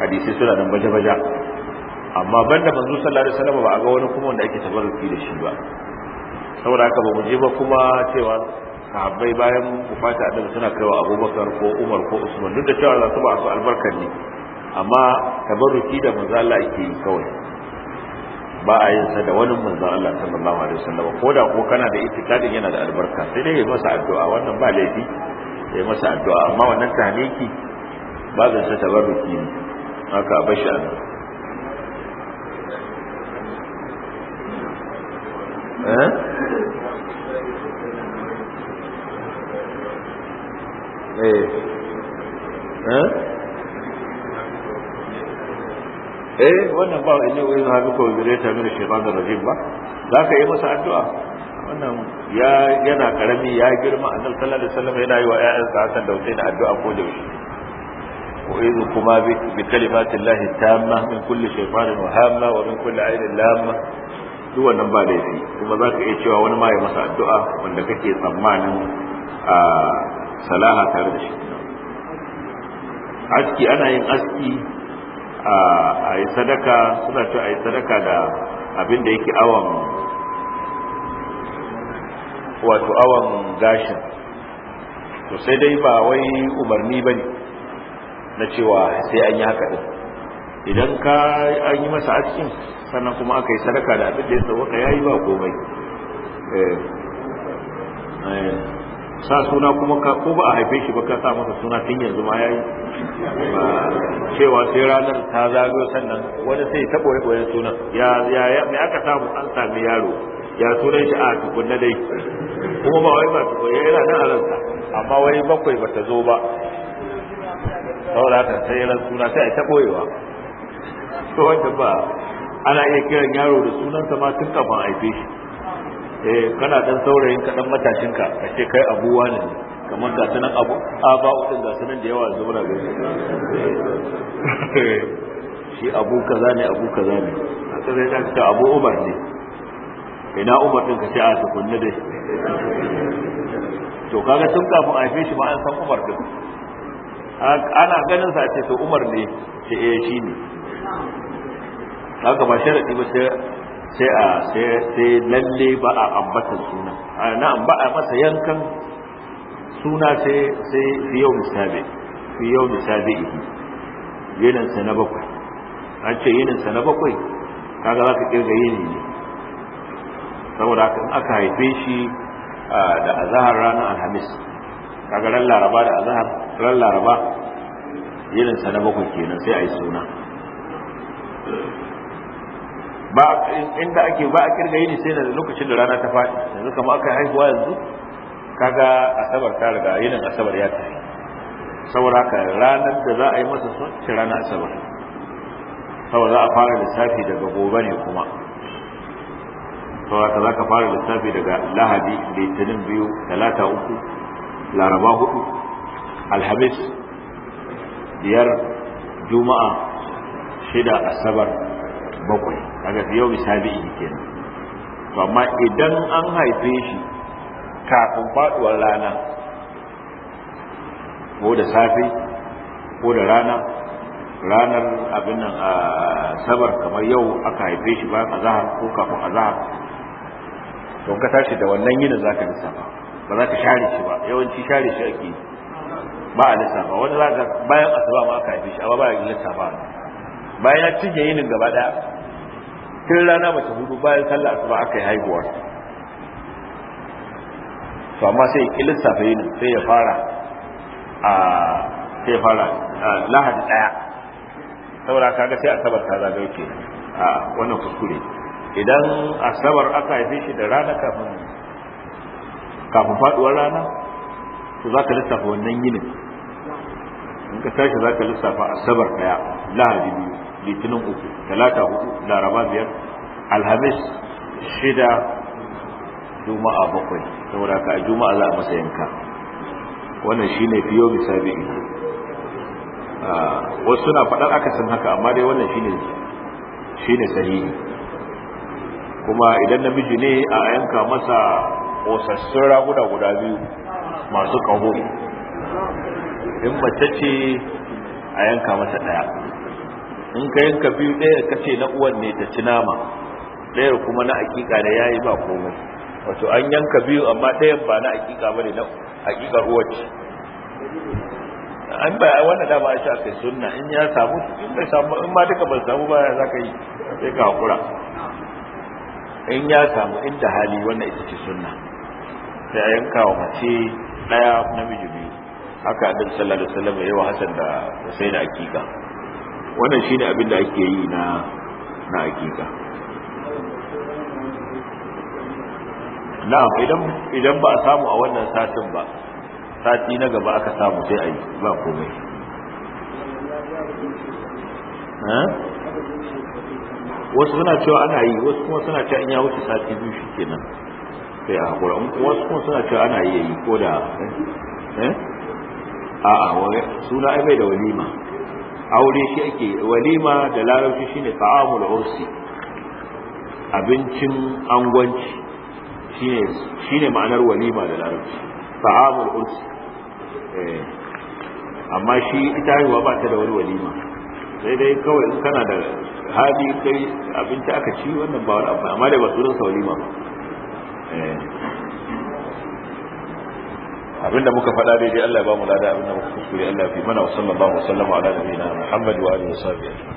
hadisi suna nan baje baje amma banda manzo sallallahu alaihi wasallam ba a ga wani kuma wanda ake tabarruki da shi ba saboda haka ba mu je ba kuma cewa sahabbai bayan kufata annabi suna kaiwa abubakar ko umar ko usman duk da cewa za su ba su albarkar ne amma tabarruki da manzo Allah yake yi kawai ba a yin sa da wani manzo Allah sallallahu alaihi wasallam ko da ko kana da itikadin yana da albarka sai dai yi masa addu'a wannan ba laifi ya yi masa addu'a amma wannan tahniki zai sa tabarruki ne haka bashi annabi eh eh eh eh wannan ba inni wa izu haka ko zai ta mini shaytan da rajin ba za ka yi masa addu'a wannan ya yana karami ya girma A nan sallallahu alaihi wasallam yana yi wa sa hasan da Hussein addu'a ko da yaushe ko izu kuma bi kalimatin lahi tamma min kulli shaytanin wa hamma wa min kulli ainin lamma duk wannan ba laifi kuma za ka iya cewa wani ma ya masa addu'a wanda kake tsammanin a salaha tare da shi aski ana yin aski a yi sadaka suna ce a yi sadaka da abin da yake awon wato awon gashin to sai dai ba wai umarni ba ne na cewa sai an yi haka ɗin idan ka an yi masa askin sannan kuma aka yi sadaka da abin da ya sauwaka ya yi ba komai eh. Eh. sa suna kuma ka ko ba a haife shi ba ka sa masa suna tun yanzu ma yayi cewa sai ranar ta zagayo sannan wani sai ta boye boye suna ya ya me aka samu an sami yaro ya sunan shi a na dai kuma ba wai ba ya yana nan a ransa amma wai bakwai ba ta zo ba saboda sai ran suna sai ta boyewa to wanda ba ana iya kiran yaro da sunansa ma tun kafin haife shi eh kana dan saurayin ka dan matashin ka kace ce kai abuwa ne kamar ga sanan abu A ba udin ga sanan da yawa zubura ga eh, shi abu kaza ne abu kaza ne haka zai ta abu umar ne ina umar din kace ce a tukunne kunne dai to kaga tun kafin a haife shi ma an san umar din ana ganin sa ce to umar ne ce eh shi ne haka ba sharadi ba sai sai a sai lalle ba a ambata suna na'am ba a masa yankan suna sai sai fi yau misabe fi yau misabe ihi yinin sa na bakwai an ce yinin sa na bakwai kaga za ka kirga yini ne saboda kan aka haife shi da azahar ranar alhamis kaga ran laraba da azahar ran laraba yinin sa na bakwai kenan sai a yi suna ba inda ake ba a kirga yini sai da lokacin da rana ta faɗi yanzu kamar aka haihuwa yanzu kaga asabar ta riga yinin asabar ya tafi saboda haka ranar da za a yi masa sun ci ranar asabar saboda za a fara lissafi daga gobe ne kuma saboda za ka fara lissafi daga lahadi litinin biyu talata uku laraba hudu alhamis biyar juma'a shida asabar bakwai kaga yau bisabihi kenan to amma idan an haife shi kafin faduwar rana ko da safe ko da rana ranar abin nan a sabar kamar yau aka haife shi bayan azahar ko kafin azahar to ka tashi da wannan yinin zaka lissafa ba za ka share shi ba yawanci share shi ake ba a lissafa wani za bayan asuba ma aka haife shi amma ba a lissafa bayan ya cinye yinin gaba daya tun rana bata hudu bayan sallar asuba aka yi haihuwa to amma sai ki lissafa yinin sai ya fara a sai fara lahadi daya saboda kaga sai asabar ta zaga yake a wannan kuskure idan asabar aka haife shi da rana kafin kafin faduwar rana to zaka lissafa wannan yinin in ka tashi zaka lissafa asabar daya lahadi biyu litinin uku talata hudu laraba biyar alhamis shida juma'a bakwai saboda ka a juma'a za a masa yanka wannan shi ne fiyo bisa bi'i wasu suna faɗar akasin haka amma dai wannan shi ne sahihi kuma idan namiji ne a yanka masa ƙosassun raguna guda biyu masu kaho in mace ce a yanka masa ɗaya in ka yanka biyu ɗaya ka ce na uwan ne ta ci nama ɗaya kuma na hakika da yayi ba komai wato an yanka biyu amma ɗayan ba na hakika bane na hakika uwar ce an ba wannan dama a shafi sunna in ya samu in bai samu in ma duka ban samu ba za ka yi sai ka hakura in ya samu inda hali wannan ita ce sunna sai a yanka wa mace ɗaya namiji biyu haka abin sallallahu alaihi wasallam yayi wa Hassan da Husaini hakika wannan ne abin da ake yi na na hakika na'am idan idan ba a samu a wannan satin ba sati na gaba aka samu sai a yi ba komai wasu suna cewa ana yi wasu kuma suna cewa in ya wuce sati biyu shi kenan sai a hakura wasu kuma suna cewa ana yi ko da eh? Eh? a'a suna ai bai da walima aure shi ake walima da larabci shine ta'amul ursi abincin angwanci shine shine ma'anar walima da larabci ta'amul ursi eh, amma shi ita haihuwa ba ta da wani walima sai dai kawai in kana da hadi kai abinci aka ci wannan ba wani amma da ba sunan sa walima ba eh. abinda muka faɗa daidai Allah ya ba mu lada abinda muka kuskure Allah ya fi mana wa sallallahu alaihi wa sallam ala nabiyina Muhammad wa alihi wa sahbihi